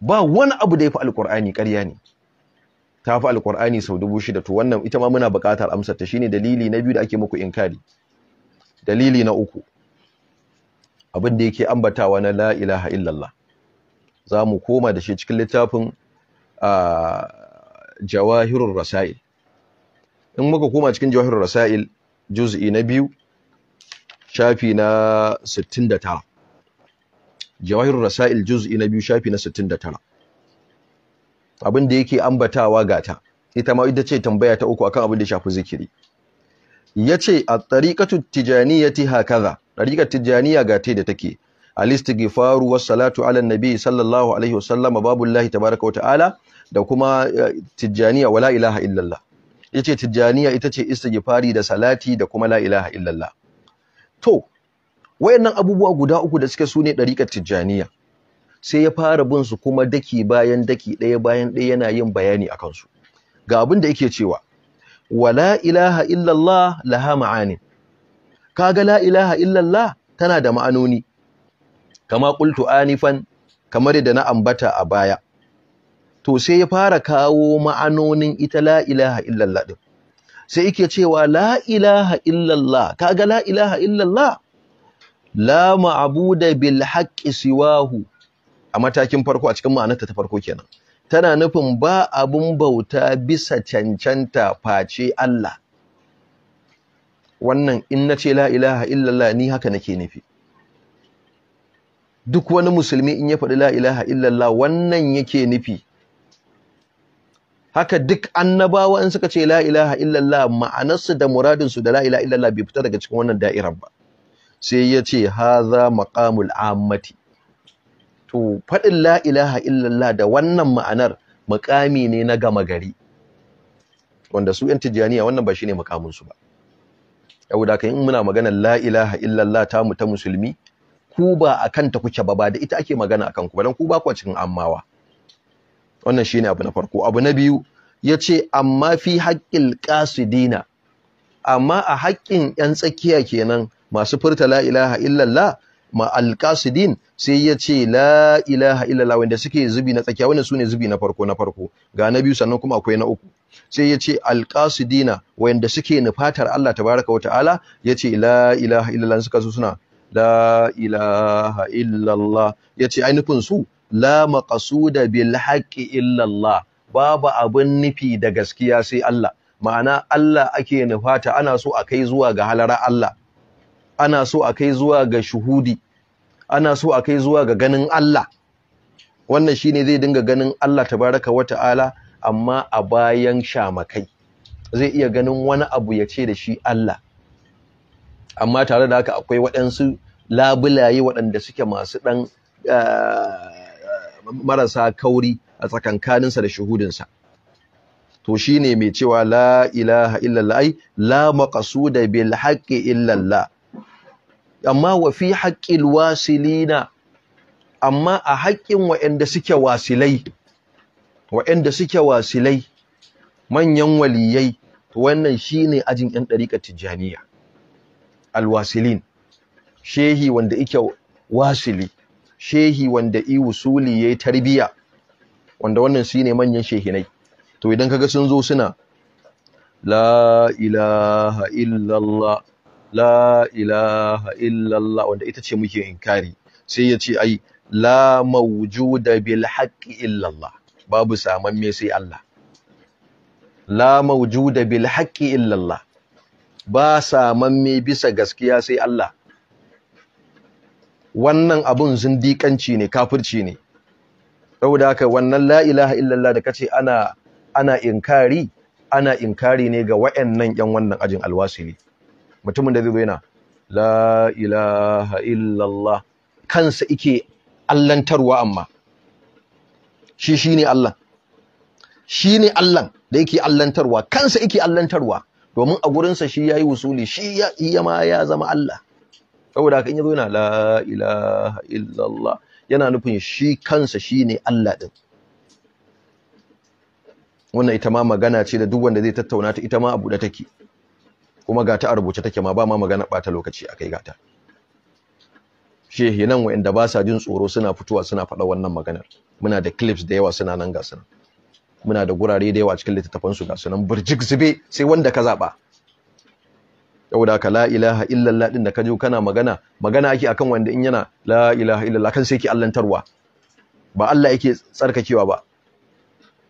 ba wani abu da ya fi alƙur'ani ƙarya ne ta fi alƙur'ani sau dubu shida to wannan ita ma muna buƙatar amsar ta shine dalili na biyu da ake muku inkari dalili na uku abin da yake ambatawa na la ilaha illallah za mu koma da shi cikin littafin jawahirur rasail in muka koma cikin jawahirur rasail juz'i na biyu shafi na 69 jawahirur rasail juz'i na biyu shafi na 69 abin da yake ambatawa gata ita ma ita ce tambaya ta uku akan abin da shafi zikiri yace at-tariqatu tijaniyati hakaza tariqat tijaniya gata da take al-istighfaru was-salatu 'ala an-nabi sallallahu alaihi wasallam babullahi tabaaraka wa ta'ala da kuma eh, tijaniya wala ilaha illallah yace Tijjaniya ita ce istighfari da salati da kuma la ilaha illallah to wayannan abubuwa guda uku da suke sune dariƙar Tijjaniya. sai ya fara bin su kuma daki bayan daki ɗaya bayan ɗaya yana yin bayani a kansu. ga abin da yake cewa la ilaha illallah laha ma'anin kaga la ilaha illallah tana da ma'anoni kama qultu anifan kamar da na ambata a baya to sai ya fara kawo ma'anonin ita la illallah din sai yake cewa la illallah kaga la ilaha illallah la bil siwahu a matakin farko a cikin ma'anarta ta farko kenan tana nufin ba abun bauta bisa cancanta face Allah wannan in na ce ilaha illallah ni haka nake nufi duk wani musulmi in ya faɗi la illallah wannan yake nufi haka duk annabawa in suka ce la ilaha illallah ma'anarsu da muradinsu da la ilaha illallah bai fita daga cikin wannan da'irar ba sai ya ce haza maqamul ammati to faɗin la ilaha illallah da wannan ma'anar makami ne na gama gari wanda su 'yan tijjaniya wannan ba shi ne ba yau da in muna magana la ilaha illallah ta mu ta musulmi ku ba a kanta kuke ba ba da ita ake magana akan ku ba don ku ba ku cikin ammawa wannan shine abu na farko abu na biyu Ya ce, amma fi haqqil qasidina amma a haƙƙin yan tsakiya kenan masu furta la illallah ma din, sai yace la ilaha illallah wanda suke zubi na tsakiya Wanda su ne zubi na farko na farko ga na biyu sannan kuma akwai na uku sai ya yace alqasidina wanda suke nufatar Allah tabaraka wa ta'ala yace la ilaha illallah suka su suna la ilaha illallah yace ai nufin su la maqsuda bil haqqi illa Allah babu abun nufi da gaskiya sai Allah ma'ana Allah ake nufata ana so akai zuwa ga halara Allah ana so akai zuwa ga shuhudi ana so akai zuwa ga ganin Allah wannan shine zai dinga ganin Allah tabaraka wata'ala amma a bayan shamakai zai iya ganin wani abu ya ce da shi Allah amma tare da haka akwai waɗansu labulaye waɗanda suke masu ɗan ah, marasa kauri a tsakankaninsa da shuhudinsa to shine mai cewa la ilaha illallah ai la maqsuda bil haqqi illallah amma wa fi haqqil wasilina amma a haƙƙin waɗanda suke wasilai wa'anda suke wasilai manyan waliyai wannan shine ajin ƴan dariƙa tijjaniya alwasilin shehi wanda yake wasili shehi wanda i ya yayi tarbiya wanda wannan shine manyan shehinai to idan kaga sun zo suna la ilaha illallah la ilaha illallah wanda ita ce muke inkari sai ya ce ai la mawjuda bil haqqi illallah babu saman me sai Allah la mawjuda bil haqqi illallah ba saman me bisa gaskiya sai Allah wannan abun zindiƙanci ne kafirci ne saboda haka wannan la ilaha illallah da kace ana ana inkari ana inkari ne ga wayannan ƴan wannan ajin alwasili mutumin da zai yana la ilaha illallah kansa ike allantarwa amma shi shine Allah shine Allah da yake allantarwa kansa yake allantarwa domin a sa shi yayi wusuli shi ya ma ya zama Allah saboda haka in yazo yana la ilaha illallah yana nufin shi kansa shine Allah din wannan ita ma magana ce da duk wanda zai tattauna ta ita ma abu da take kuma ga ta a rubuce take ma ba ma magana bata lokaci akai ta shehi nan wa'anda ba sa jin tsoro suna fitowa suna faɗa wannan maganar muna da clips da yawa suna nan ga sunan muna da gurare da yawa cikin littattafan ga sunan burjik sai wanda ka zaba saboda ka la ilaha illallah din da ka je kana magana magana ake akan wanda in yana la ilaha illallah kan sai ke allantarwa ba Allah yake tsarkakewa ba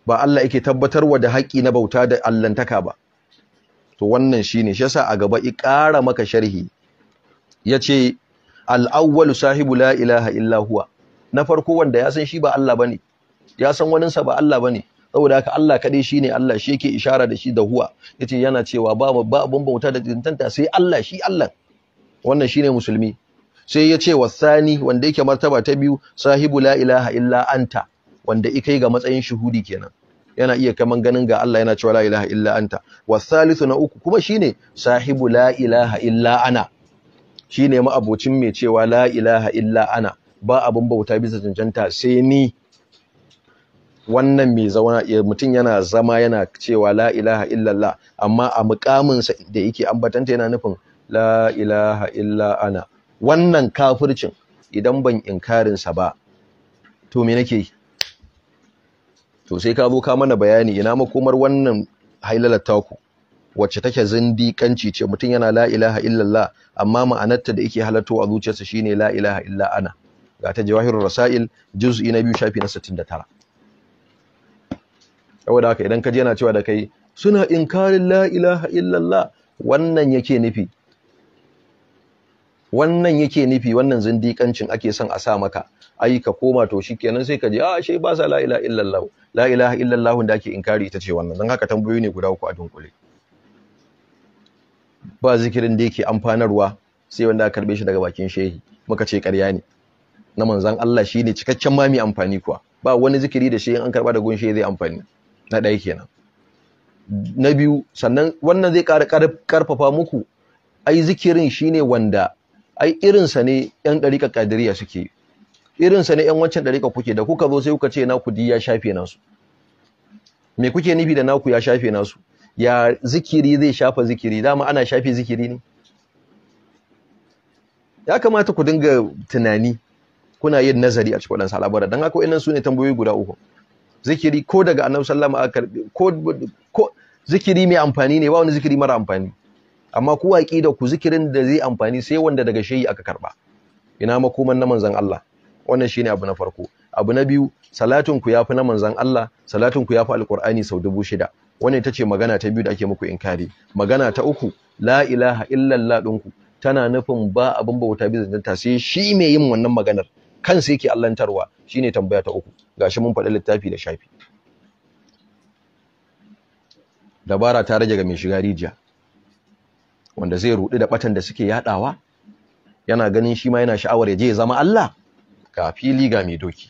ba Allah yake tabbatarwa da haƙi na bauta da allantaka ba to wannan shine shi yasa a gaba i ƙara maka sharhi yace al-awwal sahibu la ilaha na farko wanda ya san shi ba Allah bane ya san waninsa ba Allah bane saboda haka Allah kadai shine Allah shi yake ishara da shi da huwa yace yana cewa ba ba abun bauta da tantanta sai Allah shi Allah wannan shine musulmi sai yace wasani wanda yake martaba ta biyu sahibu la ilaha illa anta wanda ikai ga matsayin shuhudi kenan yana iya kaman ganin ga Allah yana cewa la ilaha illa anta wasalisu na uku kuma shine sahibu la ilaha illa ana shine abocin mai cewa la ilaha illa ana ba abun bauta bisa cancanta sai ni wannan mai zauna mutum yana zama yana cewa la ilaha illallah amma a mukaminsa da yake ambatanta yana nufin la ilaha illa ana wannan kafircin idan ban inkarinsa ba to me nake yi to sai ka zo ka mana bayani ina makomar wannan hailalata ku wacce take zindiƙanci ce mutum yana la ilaha illallah amma ma'anarta da yake halatto a zuciyarsa shine la ilaha illa ana ga ta jawahirur rasail juz'i na biyu shafi na 69 saboda haka idan ka je yana cewa da kai suna inkarin la ilaha illallah wannan yake nufi wannan yake nufi wannan zindikancin ake son a sa maka ai ka koma to shikenan sai ka je a shi ba sa la ilaha illallah la ilaha illallah da ake inkari ita ce wannan dan haka tambayoyi ne guda uku a dunkule ba zikirin da yake amfanarwa sai wanda aka karbe shi daga bakin shehi muka ce ƙarya ne na manzon Allah shine cikakken mami amfani kuwa ba wani zikiri da shi in an karba da gunshe zai amfani na ɗaya kenan na biyu sannan wannan zai ƙarfafa muku ai zikirin shine wanda ai irinsa ne ƴan ɗariƙa ƙadiriya suke irinsa ne ƴan wancan ɗariƙa kuke da kuka zo sai kuka ce naku di ya shafe nasu me kuke nufi da naku ya shafe nasu ya zikiri zai shafa zikiri dama ana shafe zikiri ne ya kamata ku dinga tunani kuna yin nazari a cikin waɗansu al'abara don haka wa'innan su ne tambayoyi guda uku zikiri ko daga annabi sallama aka karbi ko ko zikiri mai amfani ne ba wani zikiri mara amfani amma ku da ku zikirin da zai amfani sai wanda daga shehi aka karba ina makoman na manzon Allah wannan shine abu na farko abu na biyu salatun ku yafi na manzon Allah salatun ku yafi alqur'ani sau dubu shida wannan ita ce magana ta biyu da ake muku inkari magana ta uku la ilaha illallah dinku tana nufin ba abin bauta bisa sai shi mai yin wannan maganar kansa yake allantarwa shine tambaya ta uku gashi mun faɗi littafi da shafi dabara ta rage ga mai shiga rijiya wanda zai rudi da batan da suke yadawa yana ganin shi ma yana sha'awar ya je ya zama Allah ga fili ga mai doki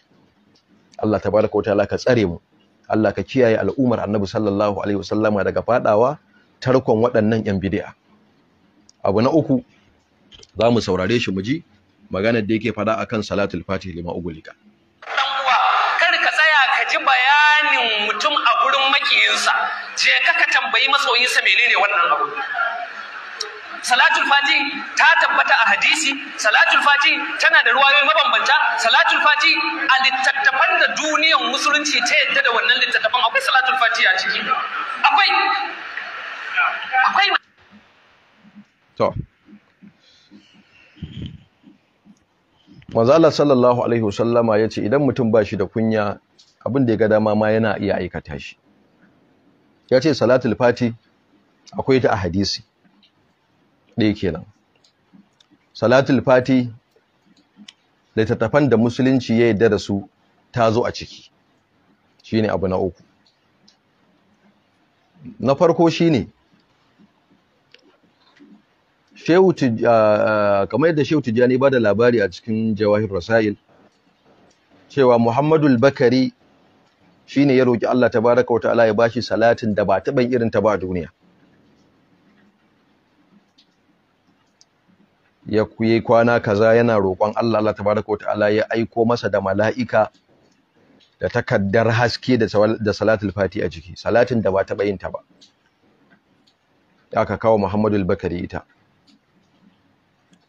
Allah tabaraka wa ta'ala ka tsare mu Allah ka kiyaye al'umar Annabi sallallahu alaihi wasallama daga fadawa tarkon waɗannan yan bid'a abu na uku za mu saurare shi mu ji maganar da yake fada akan salatul fatih lima ugulika dan uwa kar ka tsaya ka ji bayanin mutum a gurin makiyinsa je ka ka tambayi masoyinsa menene wannan abu salatul fatih ta tabbata a hadisi salatul fatih tana da ruwayoyi mabambanta salatul fatih a littattafan da duniyar musulunci ta yadda da wannan littattafan akwai salatul fatih a ciki akwai akwai to manzala sallallahu alaihi wasallama ya ce idan mutum ba shi da kunya abin da ya ga dama ma yana iya aikata shi ya ce salatul fati akwai ta a hadisi ɗaya kenan salatul fati littattafan da musulunci ya yadda da su ta zo a ciki shi ne abu na uku na farko shi ne. shehu kamar yadda shehu tijjani ba da labari a cikin jawahir rasail cewa muhammadul bakari shine ya roki allah tabaraka wa ta'ala ya bashi salatin da ba taɓa irin ta ba a duniya ya kuye kwana kaza yana roƙon allah allah tabaraka wa ta'ala ya aiko masa da mala'ika da takaddar haske da salatul fati a jiki salatin da ba taɓa yin ta ba aka kawo muhammadul bakari ita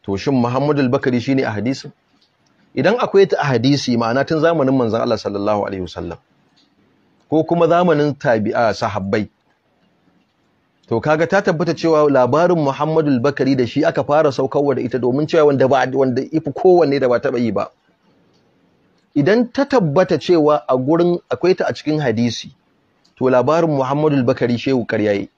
to shin Muhammadu al-Bakari shine a idan akwai ta a hadisi ma'ana tun zamanin manzon Allah sallallahu alaihi wasallam ko kuma zamanin tabi'a sahabbai to kaga ta tabbata cewa labarin Muhammadu al-Bakari da shi aka fara saukarwa da ita domin cewa wanda ba wanda ifi kowanne da ba taba yi ba idan ta tabbata cewa a gurin akwai ta a cikin hadisi to labarin Muhammadu al-Bakari shehu karyaye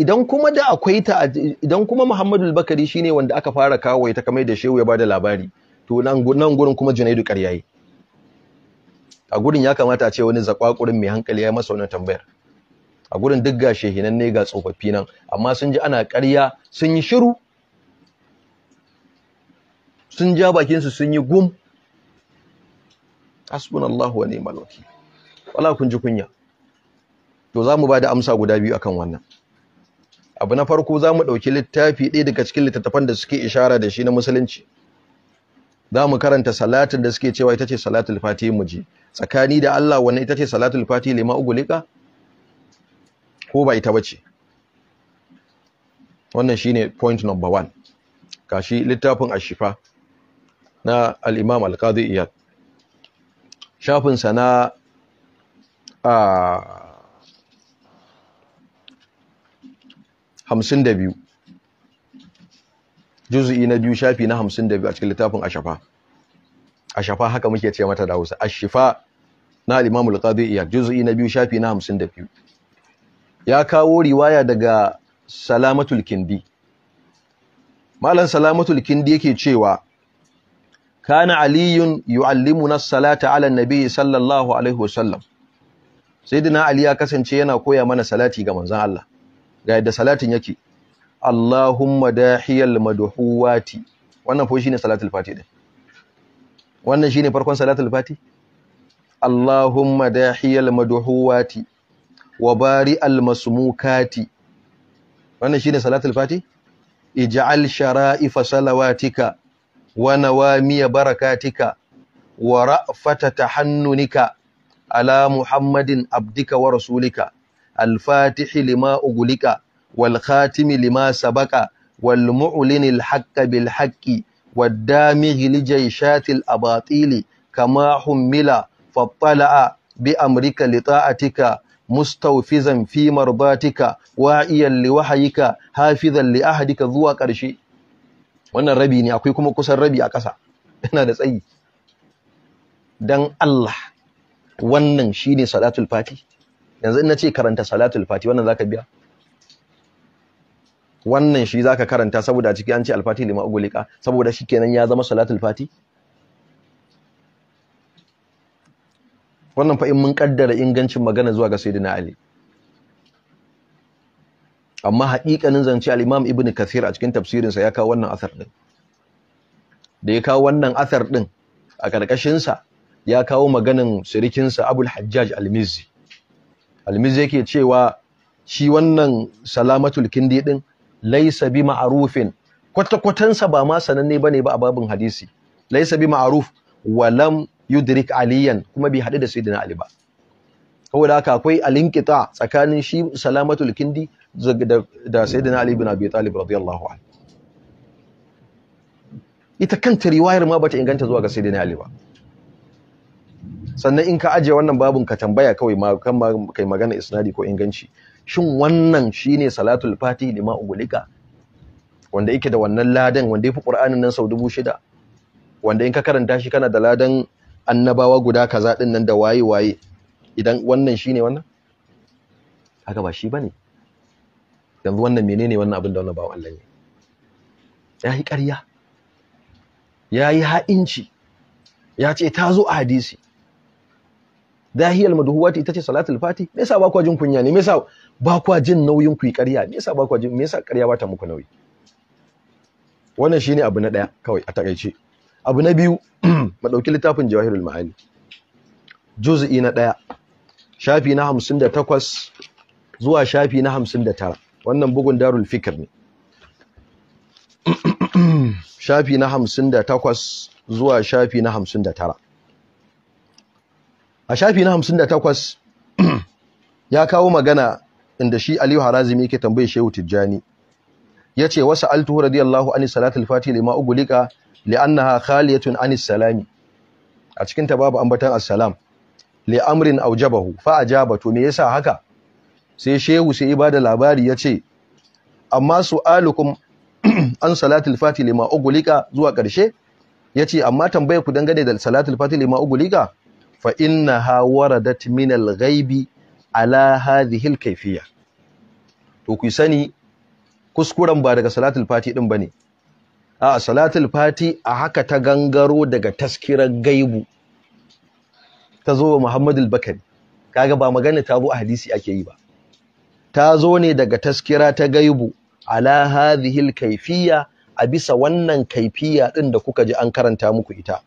idan kuma da akwai ta idan kuma Muhammadu bakari shine wanda aka fara kawo ita kamar da Shehu ya bada labari to nan nan gurin kuma Junaidu ƙaryayi a gurin ya kamata a ce wani zakwakurin mai hankali ya masa wannan tambayar a gurin duk ga shehinan ne ga tsofaffi nan amma sun ji ana ƙarya sun yi shiru sun ja bakinsu sun yi gum hasbunallahu wa ni'mal wakil wala kun ji kunya to za mu ba da amsa guda biyu akan wannan abu na farko za mu ɗauki littafi ɗaya daga cikin littattafan da suke ishara da shi na musulunci za mu karanta salatin da suke cewa ita ce salatul fati mu ji tsakani da Allah wannan ita ce salatul fati lima ugulika ko ba ita bace wannan shine point number 1 kashi littafin ashifa na al-imam al-qadi iyad shafin na a ah, hamsin da biyu juzu'i na biyu shafi na hamsin da biyu a cikin littafin ashafa ashafa haka muke ce mata da hausa ashifa na Alimamul imamul iya juzu'i na biyu shafi na hamsin da biyu ya kawo riwaya daga salamatul kindi malam salamatul kindi yake cewa kana aliyun yu'allimuna na salata 'ala an-nabi sallallahu alaihi wasallam sayyidina ali ya kasance yana koya mana salati ga manzon Allah ga yadda salatin yake Allahumma dahiyal madhuwati wannan fa shine salatul fati din wannan shine farkon salatul fati Allahumma dahiyal madhuwati wa bari al masmukati wannan shine salatul fati ij'al shara'ifa salawatika wa nawamiya barakatika wa ra'fata tahannunika ala muhammadin abdika wa rasulika alfatihi lima ugulika wal khatimi lima Sabaƙa, wal mu'lini alhaqqa bil haqqi wad damighi li jayshatil abatili kama hummila fattala'a bi amrika li ta'atika mustawfizan fi mardatika wa'iyan li wahayika hafizan li ahdika zuwa ƙarshe wannan rabi ne akwai kuma kusan rabi a ƙasa yana da tsayi dan Allah wannan shine salatul fati yanzu in na ce karanta salatul fati wannan zaka biya wannan shi zaka karanta saboda ciki an ce alfati lima ugulika saboda shi kenan ya zama salatul fati wannan fa in mun kaddara ingancin magana zuwa ga sayyidina ali amma haƙiƙanin zance al-imam ibn kathir a cikin tafsirinsa ya kawo wannan asar din da ya kawo wannan asar din a karkashin sa ya kawo maganan sa abul hajjaj al-mizzi almiz yake cewa shi wannan salamatul kindi din laisa bi ma'rufin kwata ba ma sananne bane ba a babin hadisi laisa bi ma'ruf wa lam yudrik aliyan kuma bai haɗu da sayyidina ali ba saboda haka akwai alinkita tsakanin shi salamatul kindi da sayyidina ali ibn abi talib radiyallahu anhu ita kanta riwayar ma bata inganta zuwa ga sayyidina ali ba sannan in ka ajiye wannan babun ka tambaya kawai kan kai magana isnadi ko inganci shin wannan shine salatul fati lima ugulika wanda yake da wannan ladan wanda yafi qur'anin nan sau dubu shida wanda in ka karanta shi kana da ladan annabawa guda kaza din nan da waye waye idan wannan shine wannan haka ba shi bane yanzu wannan menene wannan abin da wannan bawo Allah ne ya yi ƙarya ya yi ha'inci ya ce ta zo a hadisi dahiyal madhuwati ita ce salatul fati me yasa ba kwa jin kunya ne me yasa ba kwa jin nauyin ku yi ƙarya me yasa ba kwa jin me yasa ƙarya ba ta muku nauyi wannan shine abu na daya kawai a takaice abu na biyu mu dauki littafin jawahirul ma'ani juz'i na daya shafi na 58 zuwa shafi na 59 wannan bugun darul fikr ne shafi na 58 zuwa shafi na 59 a shafi na 58 ya kawo magana inda shi Aliyu Harazimi yake tambaye Shehu Tijjani yace wasa altuhu radiyallahu anhu salatul fatih lima ugulika li'annaha khaliyatun anis salami a cikin ta babu ambatan assalam li amrin aujabahu fa ajaba to me yasa haka sai shehu sai ibada labari yace amma su'alukum an salatul fatih lima ugulika zuwa karshe yace amma tambaye ku dangane da salatul fatih lima ugulika fa innaha waradat min al-ghaibi ala hadhihi al-kayfiyya to ku sani kuskuren ba daga salatul fati din bane a salatul fati a haka ta gangaro daga taskirar gaibu ta zo Muhammad bakari kaga ba magana ta bu a hadisi ake yi ba ta zo ne daga taskira ta gaibu ala hadhihi al-kayfiyya a bisa wannan kaifiya din da kuka ji an karanta muku ita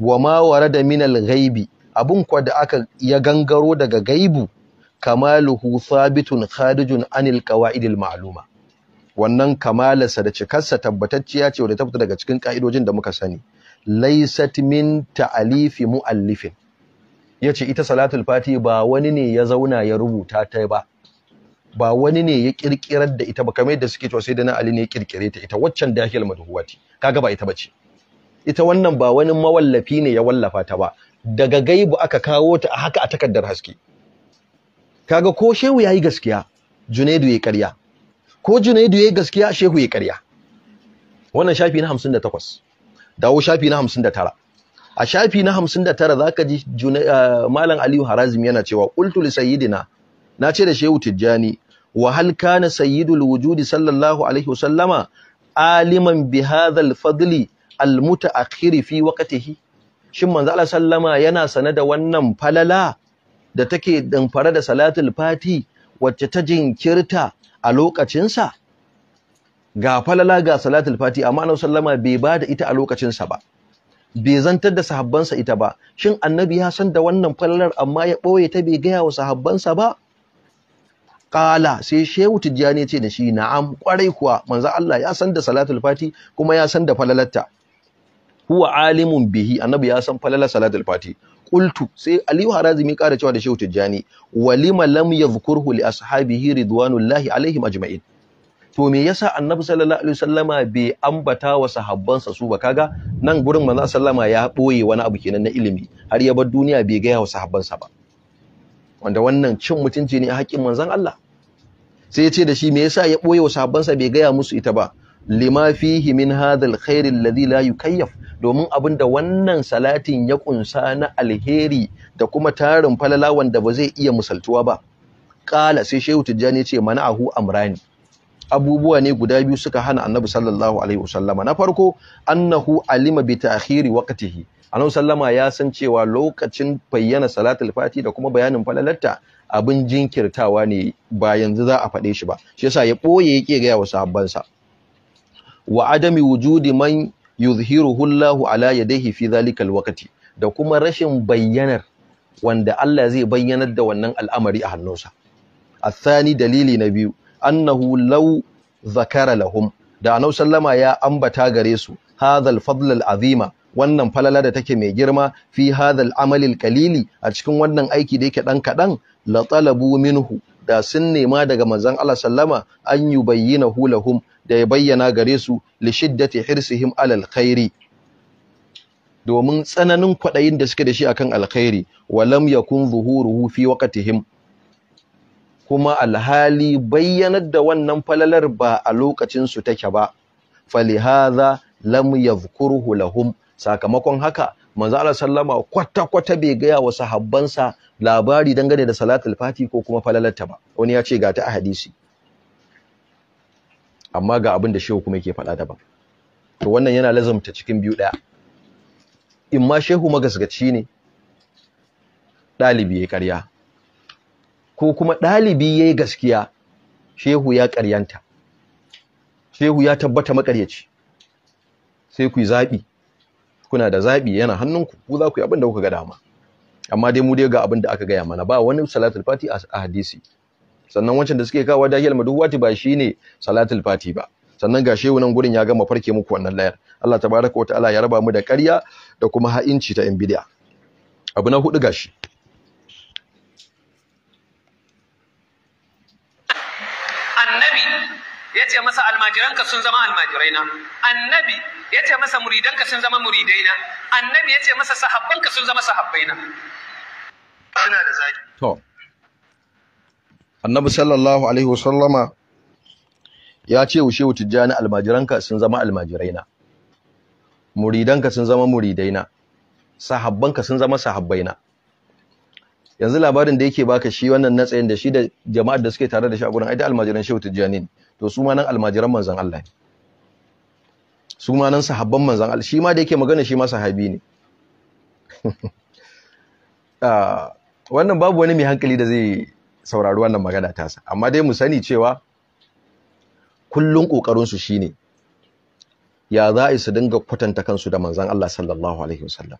wa ma da minal ghaibi abin kwa da aka ya gangaro daga gaibu kamaluhu sabitun Khadijun, anil qawaidil ma'luma wannan kamalarsa da cikarsa tabbatacciya ce wadda ta fita daga cikin ka'idojin da muka sani laysat min ta'alifi muallifin yace ita salatul fati ba wani ne ya zauna ya rubuta ta ba ba wani ne ya kirkirar da ita ba kamar yadda suke cewa sai da na ali ne ya kirkire ta ita waccan dahil madhuwati kaga ba ita bace ita wannan ba wani mawallafi ne ya wallafa ta ba daga gaibu aka kawo ta a haka a takardar haske kaga ko shehu yayi gaskiya junaidu yayi ƙarya ko junaidu yayi gaskiya shehu yayi ƙarya wannan shafi na 58 dawo shafi na 59 a shafi na 59 zaka ji eh, malam Aliyu Harazim yana cewa qultu li sayyidina ce da shehu Tijjani wa hal kana sayyidul wujudi sallallahu alaihi wasallama aliman bi hadha al fadli almutaakhiri fi waqtihi shin manzo Allah sallama yana sane da wannan falala da take damfara da salatul fati wacce ta jinkirta a lokacinsa ga falala ga salatul fati amma annabi sallama bai bada ita a lokacinsa ba bai zantar da sahabbansa ita ba shin annabi ya san da wannan falalar amma ya boye ta bai gaya wa sahabbansa ba qala sai shehu tijjani ce da shi na'am kwarai kuwa manzo Allah ya san da salatul fati kuma ya san da falalarta huwa alimun bihi annabi ya san falala salatul fati qultu sai aliyu harazimi kara cewa da shehu tijjani walima lam yadhkurhu li ashabihi ridwanullahi alaihim ajma'in to me yasa annabi sallallahu alaihi wasallama bai ambata wa sahabbansa su ba kaga nan gurin manzo sallama ya boye wani abu kenan na ilimi har ya bar duniya bai ga wa sahabbansa ba wanda wannan cin mutunci ne a haƙƙin manzon Allah sai ya ce da shi me yasa ya boye wa sahabbansa bai ga musu ita ba lima fihi min hadhal khairi alladhi la yukayyaf domin abinda wannan salatin ya kunsa na alheri da kuma tarin falala wanda ba zai iya musaltuwa ba qala sai shehu tijjani ce mana'ahu amrani abubuwa ne guda biyu suka hana annabi sallallahu alaihi wasallama na farko annahu alima bi ta'khiri waqtihi annabi sallama ya san cewa lokacin bayyana salatul fati da kuma bayanin falalarta abin jinkirtawa ne ba yanzu za a faɗe shi ba shi yasa ya boye yake ga wa sahabbansa wa adami wujudi man yuzhiruhu Allahu ala yadayhi fi zalika alwaqti da kuma rashin bayyanar wanda Allah zai bayyanar da wannan al'amari a hannunsa athani dalili na biyu annahu law zakara lahum da annabi sallama ya ambata gare su hadhal fadl azima wannan falala da take mai girma fi hadhal amalil qalili a cikin wannan aiki da yake dan kadan la talabu minhu da sun nema daga manzon Allah sallama an yubayyinahu lahum da ya bayyana gare su li shiddati hirsihim alal khairi domin tsananin kwaɗayin da suke da shi akan alkhairi wa lam yakun zuhuruhu fi waqtihim kuma alhali bayyanar da wannan falalar ba a lokacin su take ba falihaza lam yadhkuruhu lahum sakamakon haka manzo Allah sallama kwata kwata bai gaya wa sahabbansa labari dangane da salatul fati ko kuma falalarta ba wani ya ce ga ta a hadisi amma ga abin da shehu kuma yake faɗa daban to wannan yana lazumta cikin biyu ɗaya in ma shehu magasgaci ne ɗalibi ya ƙarya ko kuma ɗalibi ya yi gaskiya shehu ya ƙaryanta shehu ya tabbata maƙaryaci sai ku yi zaɓi kuna da zaɓi yana hannunku ku za ku yi abin da kuka ga dama amma dai mu dai ga abin da aka gaya mana ba wani salatul fati a hadisi sannan wancan da suke kawo dahiyal maduwati ba shi ne salatul fati ba sannan ga shehu nan gurin ya gama farke muku wannan layar Allah tabaraka ta'ala ya raba mu da ƙarya da kuma ha'inci ta yan abu na hudu gashi annabi ya ce masa almajiranka sun zama almajiraina annabi ya ce masa muridanka sun zama muridaina annabi ya ce masa sahabbanka sun zama sahabbaina suna da zaki to annabi sallallahu alaihi wasallama ya ce wa shehu tijjani almajiranka sun zama almajiraina muridanka sun zama muridaina sahabbanka sun zama sahabbaina yanzu labarin da yake baka shi wannan natsayin da shi da jama'ar da suke tare da shi a gurin ai da almajiran shehu tijjani to su ma nan almajiran manzon Allah ne su ma nan sahabban manzon Allah shi ma da yake magana shi ma sahabi ne ah, wannan babu wani mai hankali da zai saurari wannan magana tasa amma dai mu sani cewa kullun ƙoƙarinsu shine ya za a su dinga kwatanta kansu da manzan Allah sallallahu alaihi wasallam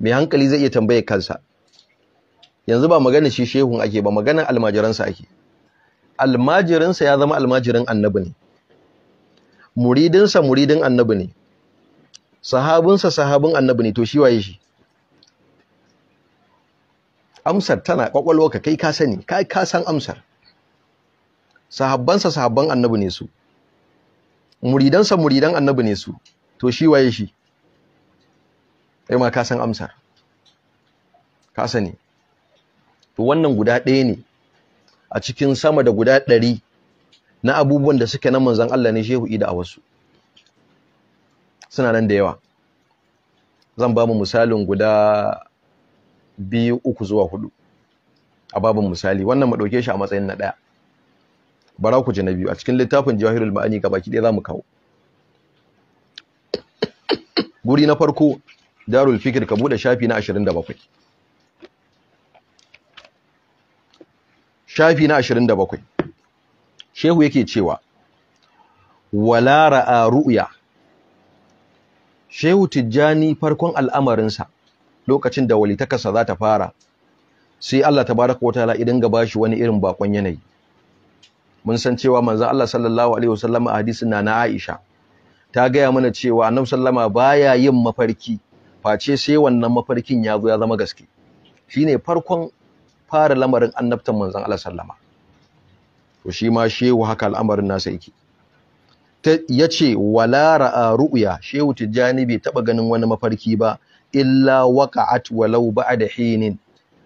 mai hankali zai iya tambaye kansa yanzu ba magana shi shehun ake ba magana almajiransa ake almajirinsa ya zama almajirin annabi ne muridinsa muridin annabi ne sahabinsa sahabin annabi ne to shi waye shi amsar tana ka kai ka sani kai ka san amsar sahabbansa sahabban annabi ne su muridansa muridan annabi ne su to shi waye shi kai ma ka san amsar ka sani to wannan guda ɗaya ne a cikin sama da guda ɗari na abubuwan da suke na manzan Allah ne shehu ida a wasu suna nan da yawa zan ba mu misalin guda biyu uku zuwa hudu a babin misali wannan mu dauke shi a matsayin na daya bara ku ji na biyu a cikin littafin jawahirul ma'ani ga baki ɗaya zamu kawo guri na farko darul fikir ka bude shafi na 27 shafi na 27 shehu yake cewa wala ra'a ru'ya shehu tijjani farkon al'amarinsa lokacin da walitakarsa za ta fara sai Allah ta baraka wata la idan ga shi wani irin bakon yanayi mun san cewa manzon Allah sallallahu alaihi wasallam a hadisin na na Aisha ta gaya mana cewa annabi sallama baya yin mafarki face sai wannan mafarkin ya zo ya zama gaske shine farkon fara lamarin annabtan manzo Allah sallama to shi ma shehu haka al'amarin nasa yake ya ce wala ra'a ru'ya shehu tijjani bai taba ganin wani mafarki ba illa waka'at walau ba'da hinin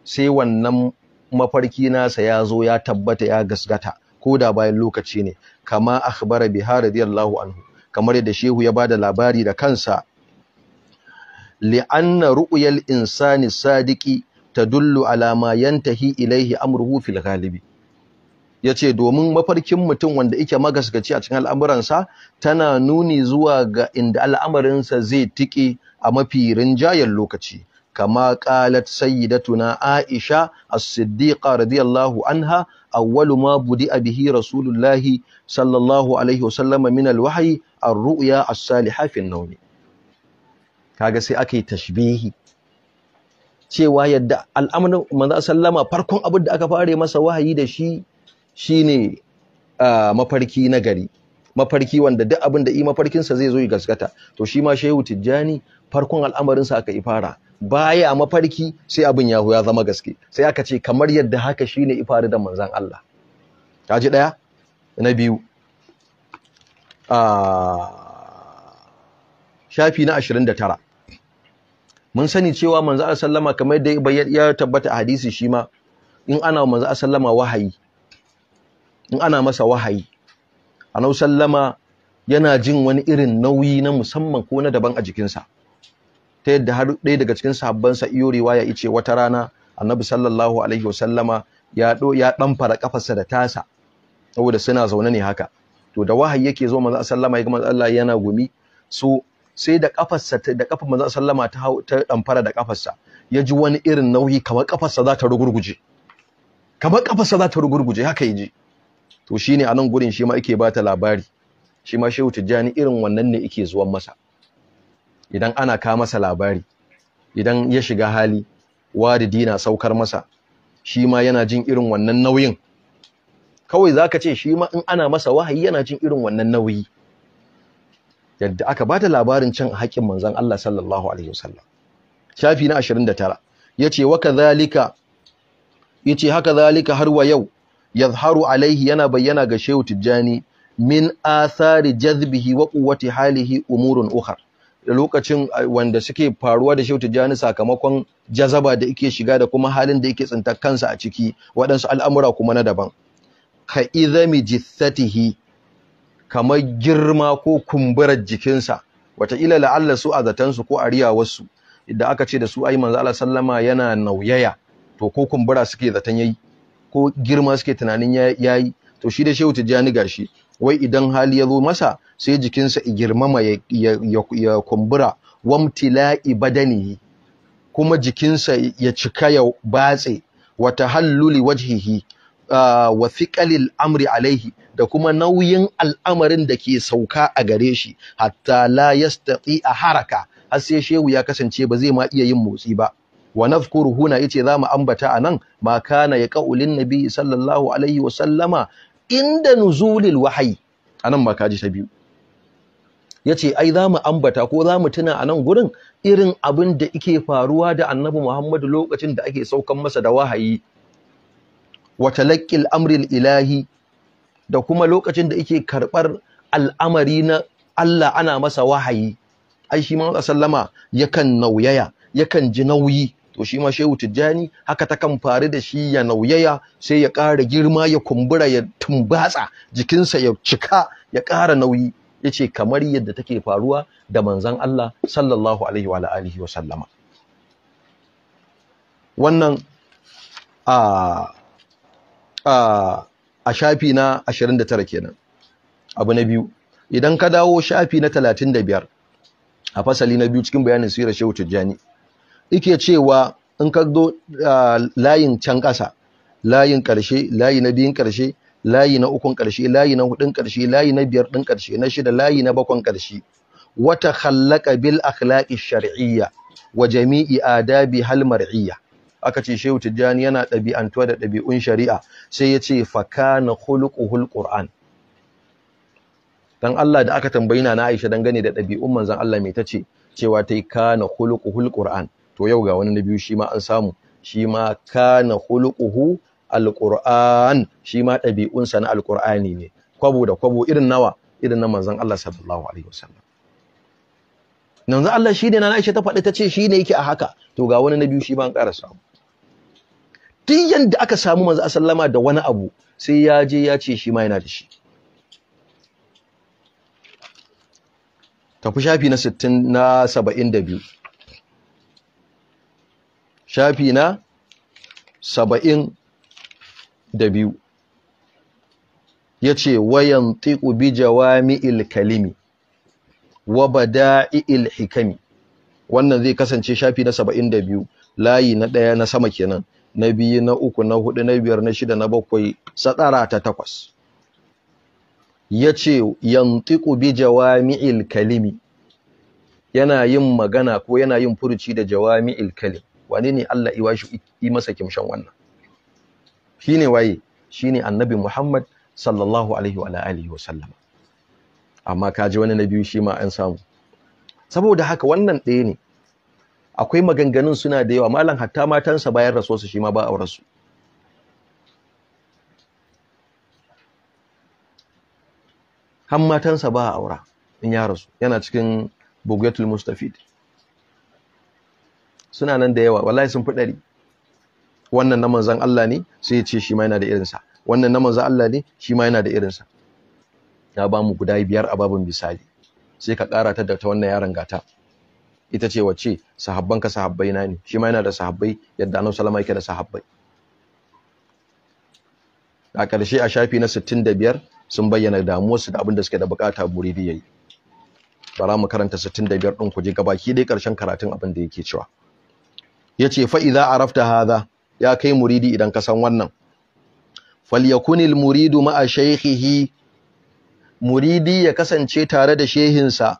sai wannan mafarki nasa ya zo ya tabbata ya gasgata ko da bayan lokaci ne kama akhbara biha radiyallahu anhu kamar yadda shehu ya bada labari da kansa li'anna ru'yal insani sadiqi tadullu ala ma yantahi ilaihi amruhu fil ghalibi yace domin mafarkin mutum wanda yake magaskaci a cikin al'amuransa tana nuni zuwa ga inda al'amarinsa zai tike a mafi rinjayen lokaci kama qalat sayyidatuna Aisha as-Siddiqa radiyallahu anha awwalu ma budi'a bihi Rasulullahi sallallahu alaihi wasallam min al-wahyi ar-ru'ya as saliha fi an kaga sai akai tashbihi cewa yadda al'amarin manzo sallama farkon abin da aka fare masa wahayi da shi shine ah, mafarki na gari mafarki wanda duk abin da i mafarkinsa zai zo ya gaskata to shi ma shehu tijjani farkon al'amarinsa aka yi fara baya mafarki sai abin yahu ya zama gaske sai aka ce kamar yadda haka shine ifari da manzon Allah kaji daya na biyu ah, shafi na 29 mun sani cewa manzo Allah sallama kamar yadda ya tabbata a hadisi shi ma in ana manzo Allah sallama wahayi in ana masa wahayi anau sallama yana jin wani irin nauyi na musamman ko na daban a jikinsa ta yadda har ɗaya daga cikin sa iyo riwaya ice wata rana annabi sallallahu alaihi wasallama ya do ya dan fara kafarsa da tasa saboda suna zaune ne haka to da wahayi yake zo manzo sallama yaga Allah yana gumi so sai da kafarsa da kafar manzo sallama ta ta dan fara da kafarsa ya ji wani irin nauyi kamar kafarsa za ta rugurguje kamar kafarsa za ta rugurguje haka yaji to shine a nan gurin shi ma yake ba labari shi shehu tijjani irin wannan ne yake zuwan masa idan ana ka masa labari idan ya shiga hali wadi dina saukar masa shi yana jin irin wannan nauyin kawai zaka ce shi ma in ana masa wahayi yana jin irin wannan nauyi yadda aka bata labarin labarin a haƙƙin manzon Allah sallallahu alaihi wasallam shafi na 29 yace wa kadhalika yace haka zalika har wa yau yazharu alaihi yana bayyana ga shehu tijjani min asari jazbihi wa quwwati halihi umurun ukhar lokacin wanda suke faruwa da shehu tijjani sakamakon jazaba da yake shiga da kuma halin da yake tsinta kansa a ciki waɗansu al'amura kuma na daban ka izami jissatihi kamar girma ko kumburar jikinsa wata ila la'alla su a zatansu ko a wasu, idan aka ce da su ai manzo Allah sallama yana nauyaya to ko kumbura suke zaton yayi ko girma suke tunanin ya yi to shi da shehu tijjani gashi wai idan hali ya zo masa sai jikinsa i girmama ya kumbura wamtila'i badanihi kuma jikinsa ya cika ya batse wa tahalluli wajhihi wa thiqalil amri alaihi da kuma nauyin al'amarin da ke sauka a gare shi hatta la yastati a haraka har sai shehu ya kasance ba zai ma iya yin motsi ba wa nadhkuru huna yace zamu ambata anan ma kana yaqulu linnabi sallallahu alaihi wa sallama inda nuzulil wahyi anan ma kaji ta biyu yace ai zamu ambata ko zamu tuna anan gurin irin abin da yake faruwa da annabi Muhammadu lokacin da ake saukan masa da wahayi wa talaqqil amril ilahi da kuma lokacin da yake karɓar al'amari na Allah ana masa wahayi ai shi ma sallama yakan nauyaya yakan ji nauyi to shi ma shehu tijjani haka ta kan faru da shi ya nauyaya sai ya ƙara girma ya kumbura ya tumbatsa jikinsa ya cika ya ƙara nauyi ya ce kamar yadda take faruwa da manzan Allah sallallahu alaihi wa alihi wa sallama wannan a a a shafi na 29 kenan abu na biyu idan ka dawo shafi na biyar a fasali na biyu cikin bayanin sirar shehu tijjani ike cewa in ka zo layin can ƙasa layin ƙarshe layi na biyun ƙarshe layi na ukun ƙarshe layi na hudun ƙarshe layi na biyar ɗin ƙarshe na shida layi na bakon ƙarshe wata khallaka bil akhlaqi shar'iyya wa jami'i adabi hal mar'iyya aka ce shehu tijjani yana ɗabi'antuwa da ɗabi'un shari'a sai ya ce fa kana khuluquhul qur'an dan Allah da aka tambayi na Aisha dangane da ɗabi'un manzon Allah me tace cewa tai kana khuluquhul qur'an to yau ga wani na biyu shi ma an samu shi ma kana khuluquhu alquran shi ma ɗabi'unsa na alqur'ani ne kwabo da kwabo irin nawa irin na manzon Allah sallallahu alaihi wasallam yanzu Allah shi ne na Aisha ta faɗi ta ce shi ne yake a haka to ga wani na biyu shi ma an ƙara samu Tun yanda aka samu manzo sallama da wani abu sai ya je ya ce shi ma yana da shi tafi shafi na 60 na 72 shafi na saba'in da biyu ya ce wayan tiku bi ilkalimi, wa bada'i'il ilhikami. wannan zai kasance shafi na saba'in da biyu layi na ɗaya na sama kenan na biyu na uku na hudu na biyar na shida na bakwai sadara ta takwas ya ce yantiku jawami jawami'il kalimi yana yin magana ko yana yin furuci da jawami kalim wane ne Allah ya washi yi masa kimshan wannan shine waye shine annabi Muhammad sallallahu alaihi wa alihi wa sallam amma kaji wani na biyu shi ma an samu saboda haka wannan ɗaya ne akwai maganganun suna da yawa malam hatta matansa bayan rasuwarsa shi ma ba a rasu har matansa ba a aura in ya rasu yana cikin bugatul mustafid suna nan da yawa wallahi sun fi ɗari wannan na manzan Allah ne sai ya ce shi ma yana da irinsa wannan na manzan Allah ne shi ma yana da irinsa ya ba mu guda biyar a babin misali sai ka ƙara ta da ta wannan yaron gata ita ce wacce sahabban ka sahabbai na ne shi ma yana da sahabbai yadda annabi sallama yake da sahabbai a ƙarshe a shafi na 65 sun bayyana su da abin da suke da bukata muridi yayi bara mu karanta 65 din ku je gabaki dai karshen karatun abin da yake cewa Ya ce, fa a rafta haza. ya kai muridi idan ka san wannan falyakunil muridu ma'a shaykhihi muridi ya kasance tare da shehinsa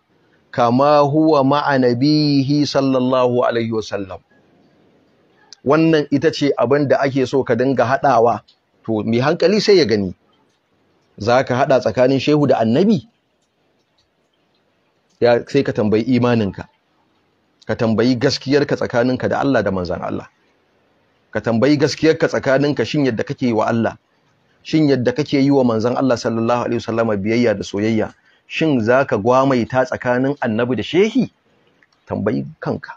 kama huwa ma'a nabihi sallallahu alaihi wasallam wannan ita ce abin da ake so ka dinga haɗawa? to mai hankali sai ya gani zaka haɗa tsakanin shehu da annabi ya sai ka tambayi imaninka ka tambayi gaskiyarka tsakaninka da Allah da manzan Allah ka tambayi gaskiyarka tsakaninka shin yadda kake yi wa Allah shin yadda kake yi wa manzan Allah sallallahu alaihi wasallama biyayya da soyayya shin zaka gwamaita tsakanin annabi da shehi tambayi kanka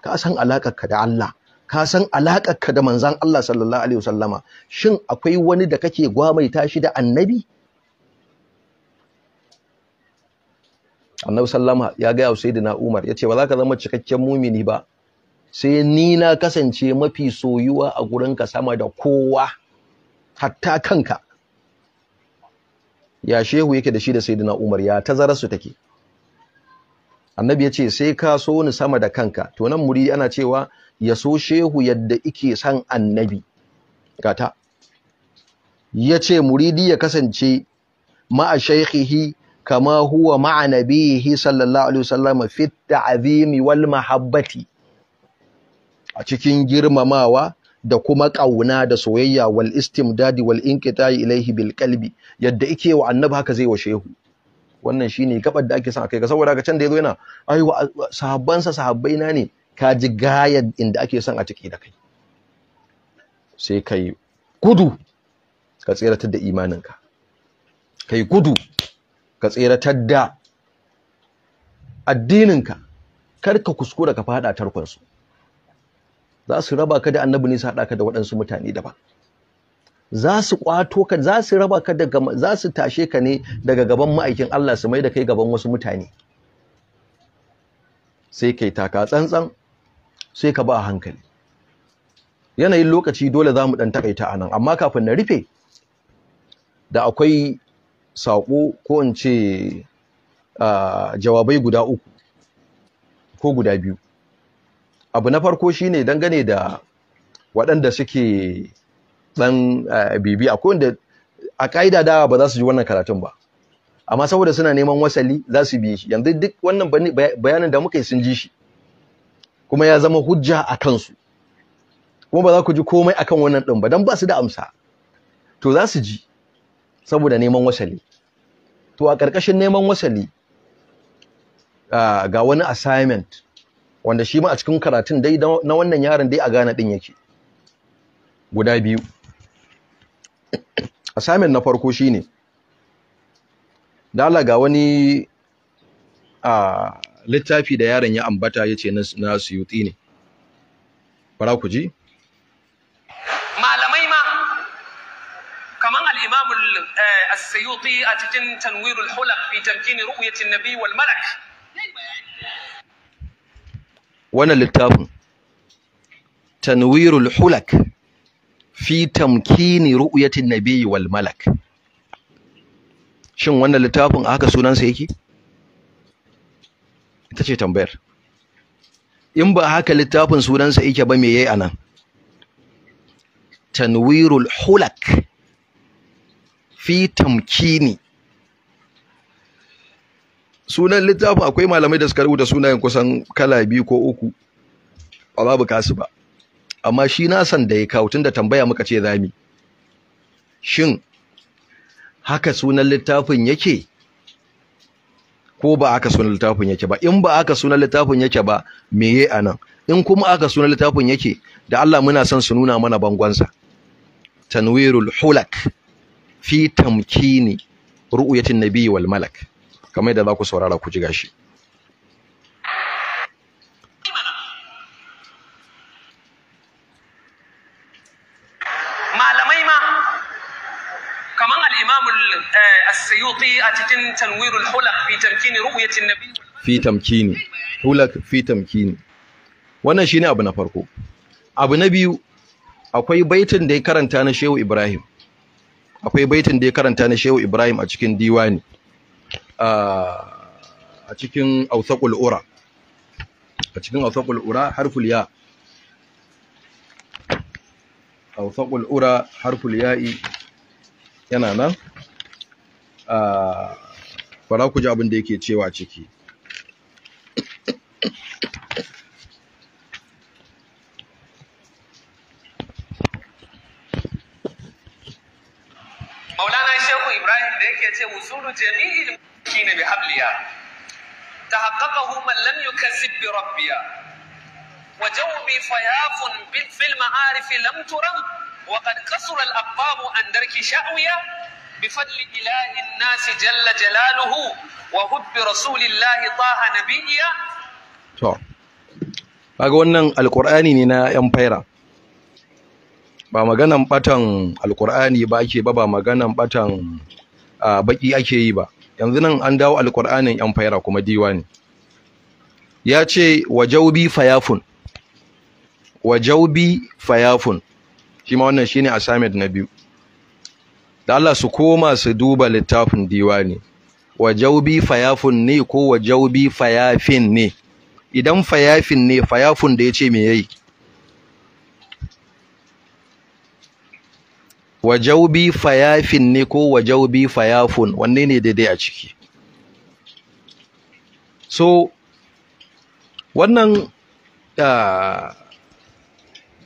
ka san alakarka da Allah ka san alakarka da manzan Allah sallallahu alaihi wasallama shin akwai wani da kake gwamaita shi da annabi annabi sallama ya gaya wa sayyidina umar yace ba za ka zama cikakken mumini ba sai ni na kasance mafi soyuwa a gurinka sama da kowa hatta kanka ya shehu yake da shi da sayyidina umar ya tazarar su take annabi yace sai ka so ni sama da kanka to nan muri ana cewa ya so shehu yadda ike san annabi gata yace muridi ya kasance ma'a shaykhihi kama huwa ma'a nabihi sallallahu alaihi wasallam fi ta'zimi wal mahabbati a cikin girmamawa da kuma ƙauna da soyayya wal istimdadi wal inqita'i ilaihi bil qalbi yadda yake wa annabi haka zai wa shehu wannan shine gabar da ake son akai ga saboda ka can da yazo yana ai sahabban sa sahabbai na ne ka ji gaya inda ake son a ciki da kai sai kai gudu ka tsiratar da imaninka kai gudu ka tseratar da addininka kar ka kuskura ka fada tarkonsu za su raba ka da annabi ne su haɗa ka da waɗansu mutane daban za su kwato ka za su raba ka daga za su tashe ka ne daga gaban ma'aikin Allah su mai da kai gaban wasu mutane sai kai taka tsantsan sai ka ba hankali yanayin lokaci dole za mu ɗan takaita anan, amma kafin na rufe da akwai saƙo ko in ce jawabai guda uku ko guda biyu abu na farko shine dangane da waɗanda suke ɗan bibi akwai wanda a ƙa'ida da ba za su ji wannan karatun ba amma saboda suna neman wasali za su bi shi yanzu duk wannan bayanin da muka yi sun ji shi kuma ya zama hujja a kansu kuma ba za ku ji komai akan wannan ɗin ba don ba su da amsa to za su ji saboda neman wasali to a ƙarƙashin neman wasali ga wani assignment wanda shi ma a cikin karatun dai na wannan yaron dai a gane din yake guda biyu assignment na farko shine dala ga wani a littafi da yaron ya ambata yace na suyuti ne fara ku ji السيوطي sayuti a cikin في تمكين fi النبي والملك وانا تنوير wannan littafin تمكين hulak fi tamkini shin wannan littafin haka sunansa yake ita ce tambayar in ba haka littafin sunansa yake ba me yayi anan tanwirul hulak fi tamkini sunan littafin akwai malamai da suka rubuta sunayen kusan kala biyu ko uku ba babu kasu ba amma shi nasan da ya kawo tunda tambaya muka ce zami shin haka sunan littafin yake ko ba aka sunan littafin yake ba in ba aka sunan littafin yake ba me a anan in kuma aka sunan littafin yake da Allah muna son su nuna mana bangonsa tanwirul hulak fi tamkini ru'uyatin nabiyyi wal malak kamar yadda za ku saurara ku ji gashi malamai ma kamar al-imam eh, as-suyuti a cikin tanwir al-hulaq fi tamkini ru'uyatin nabiyyi fi tamkini hulaq fi tamkini wannan shine abu na farko abu na biyu akwai baitin da ya karanta na Shehu Ibrahim akwai baitin da ya karanta na Shehu Ibrahim a cikin diwani a cikin ausakul Ura a cikin ausakul Ura harful ya ausakul Ura harful ya'i yana nan fara ku ji abin da yake cewa ciki ibrahim da yake ce usulu jami'il shine bi habliya tahaqqaqahu man lam yukazzib bi rabbiya wa jawbi fayafun bil fil ma'arif lam turam wa qad kasura al an darki sha'wiya bi fadli ilahi an-nas jalla jalaluhu wa hubbi rasulillahi taha nabiyya to kaga wannan alqur'ani ne na yan faira ba maganan batan alkur'ani ba ake ba ba maganan batan baki ake yi ba yanzu nan an dawo alkur'anin yan faira kuma diwani ya ce wajaubi fayafun wajaubi fayafun shi ma wannan shi shine assignment na biyu da Allah su koma su duba littafin diwani wajaubi fayafun ne ko wajaubi fayafin ne idan fayafin ne fayafun da ya ce me yayi wajaubi fayafin ne ko wajaubi fayafun wanne ne daidai a ciki so wannan ah,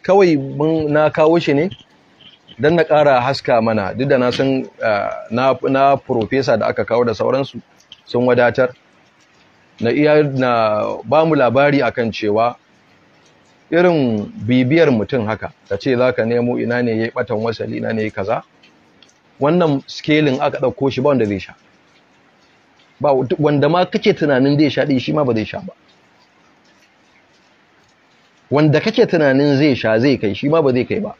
kawai na kawo shi ne don na ƙara haska mana duk da na san ah, na, na profesa da aka kawo da sauransu sun wadatar na iya na ba mu labari akan cewa irin bibiyar mutum haka ta ce za ka nemo ina ne ya yi ɓatan wasali ina ne ya kaza wannan skelin aka ɗauko shi ba wanda zai sha ba wanda ma kake tunanin zai sha ɗin shi ma ba zai sha ba wanda kake tunanin zai sha zai kai shi ma ba zai kai ba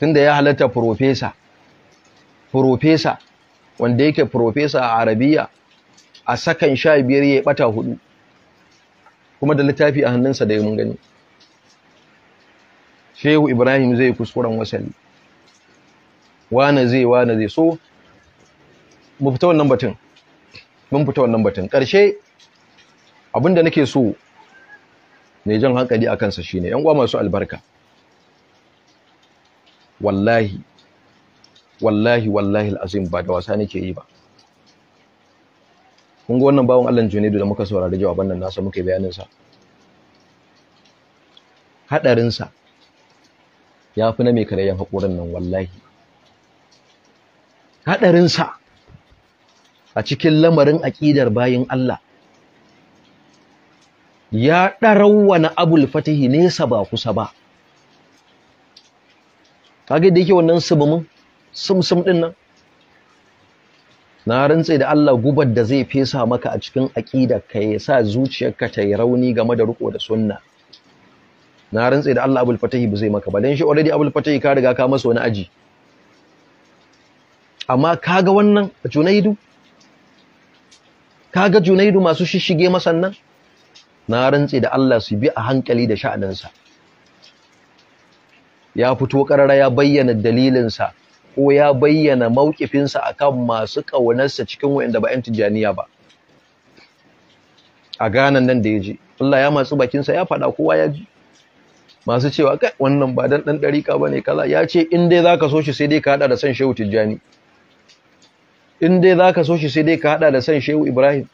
tunda ya halatta profesa profesa wanda yake profesa a arabiya a sakan sha biyar ya yi ɓata hudu kuma da littafi a hannunsa da ya mun gani shehu ibrahim zai kuskuren wasali wane zai wane zai so mu fita wannan batun mun fita wannan batun ƙarshe abinda nake so mai jan hankali a kansa shine ne uwa masu albarka wallahi wallahi wallahi alazim ba da wasa nake yi ba kun ga wannan bawan Allah Junaidu da muka saurari jawaban nan nasa muka yi bayanin sa hadarin sa ya fi na mai karayyan haƙorin nan wallahi hadarin sa a cikin lamarin aƙidar bayin Allah ya darawana abul fatihi nesa ba kusa ba kage da yake wannan subumin sumsum din nan na rantse da Allah gubar da zai fesa maka a cikin aƙidar ka ya sa zuciyarka ta yi rauni game da riko da sunna na rantse da Allah abul fatahi ba zai maka ba dan shi already abul fatahi ka riga ka masa wani aji amma kaga wannan junaidu kaga junaidu masu shishige masan nan na rantse da Allah su bi a hankali da sha'anansa. ya fito karara ya bayyana dalilinsa ko ya bayyana maukifinsa kan masu ƙaunarsa cikin wa'anda ba 'yan tijjaniya ba a ganan nan da ya je Allah ya masu bakinsa ya faɗa kowa ya ji masu cewa kai wannan ba dan dan ba ne kala. ya ce in dai ka so shi sai dai ka haɗa da san Shehu Tijjani in dai ka so shi sai dai ka haɗa da san Shehu Ibrahim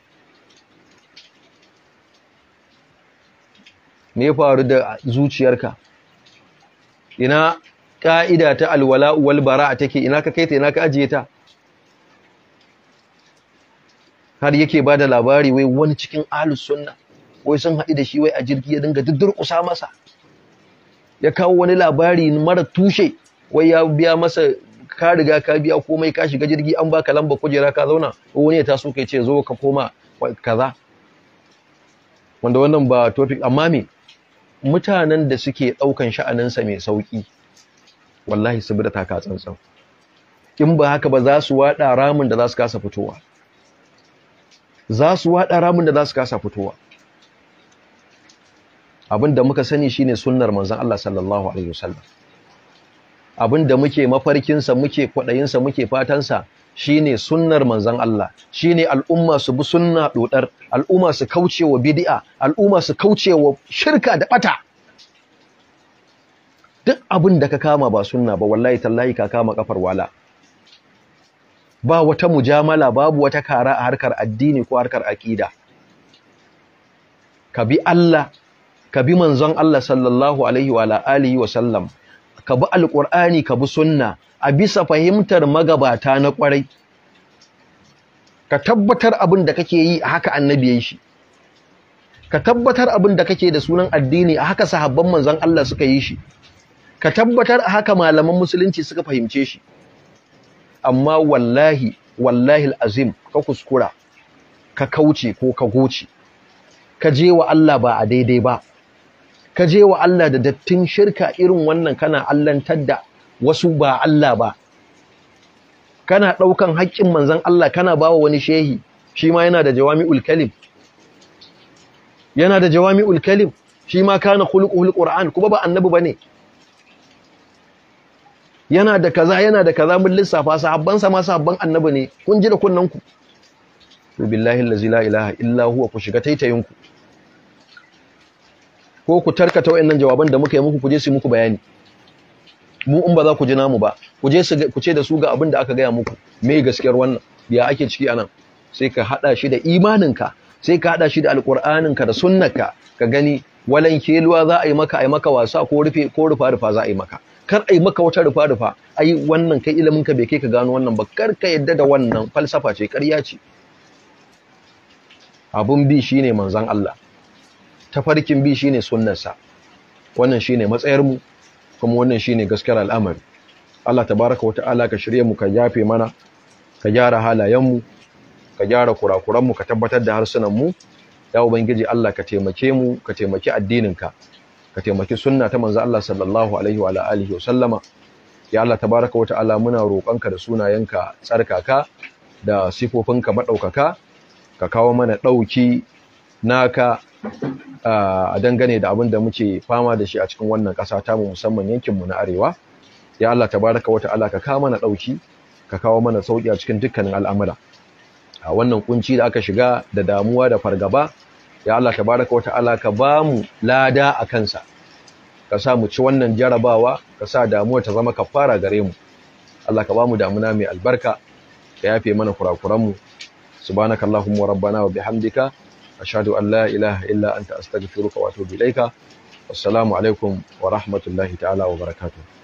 me ya faru da zuciyarka ina ƙa'ida ta alwala walbara a take ina ka kai ta, ina ka ajiye ta har yake ba da labari wai wani cikin ahlus sunna wai sun haɗu da shi wai a jirgi ya dinga durkusa masa ya kawo wani labari mara tushe wai ya biya masa ka riga ka biya komai ka shiga jirgi an ba ka lamba kujera ka zauna wani ya taso kai ce zo ka koma kaza wanda wannan ba topic amma me mutanen da suke ɗaukan sha'aninsa mai sauƙi wallahi su bi da taka tsantsan in ba haka ba za su wada ramin da za su kasa fitowa za su wada ramin da za su kasa fitowa abinda muka sani shine sunnar manzon Allah sallallahu alaihi wasallam abinda muke mafarkin muke kwadayin muke fatan sa shine sunnar manzon Allah shine al'umma su bi sunna dodar al'umma su kaucewa bid'a al'umma su kaucewa shirka da bata duk abin da ka kama ba sunna ba wallahi tallahi ka kama kafar wala ba wata mujamala babu wata kara a harkar addini ko harkar aƙida ka bi Allah ka bi manzon Allah sallallahu alaihi wa alihi wa sallam ka bi alqur'ani ka bi sunna a bisa fahimtar magabata na kwarai ka tabbatar abin da kake yi a haka annabi yayin shi ka tabbatar abin da kake da sunan addini a haka sahabban manzon Allah suka yi shi ka tabbatar a haka malaman musulunci suka fahimce shi amma wallahi wallahi al-azim, ka kuskura ka kauce ko ka goce ka je wa Allah ba a daidai ba ka je wa Allah da dattin shirka irin wannan kana allantar da wasu ba Allah ba kana ɗaukan haƙƙin manzon Allah kana bawa wani shehi shi ma yana da jawami'ul kalim yana da jawami'ul kalim shi ma kana khuluqul qur'an kuma ba annabi bane yana da kaza yana da kaza mun lissafa sahabban sa ma sahabban annabi ne kun ji da kunnan ku to billahi la ilaha illa huwa ku shiga taitayin ku ko ku tarkata wayannan jawaban da muka yi muku ku je su muku bayani mu in ba za ku ji namu ba ku je su ku ce da su ga abin da aka gaya muku me gaskiyar wannan ya ake ciki anan sai ka hada shi da imaninka sai ka hada shi da alqur'aninka da sunnaka. ka gani walan keluwa za a yi maka a maka wasa ko rufe ko rufa rufa za a yi maka kar a yi maka wata rufa rufa ai wannan kai ilimin ka bai kai ka gano wannan ba kar ka yadda da wannan falsafa ce ƙarya ce abun bi shine manzon Allah tafarkin bi shine sunnarsa wannan shine matsayar mu kuma wannan shine gaskiyar al'amari Allah tabaraka wa ta'ala ka shirye mu ka yafe mana ka gyara halayen mu ka gyara kurakuran mu ka tabbatar da harsunan mu ya ubangiji Allah ka taimake mu ka taimaki addinin ka ka taimaki sunna ta manzo Allah sallallahu alaihi wa alihi wasallama ya Allah tabaraka wa ta'ala muna roƙonka da sunayenka tsarkaka da sifofinka madaukaka ka kawo mana dauki naka a dangane da abin da muke fama da shi a cikin wannan ƙasa ta mu musamman yankin mu na arewa ya Allah tabaraka wa ta'ala ka kawo mana dauki ka kawo mana sauki a cikin dukkanin al'amura a wannan kunci da aka shiga da damuwa da fargaba ya Allah tabaraka wata'ala ka ba mu lada a kansa ka sa mu ci wannan jarabawa ka sa damuwa ta zama kafara gare mu Allah ka ba mu damuna mai albarka ka yafe mana kurakuranmu subhanakallahumma rabbana wa bihamdika ashhadu an la ilaha illa anta astaghfiruka wa atubu ilaika assalamu alaikum wa rahmatullahi ta'ala wa barakatuh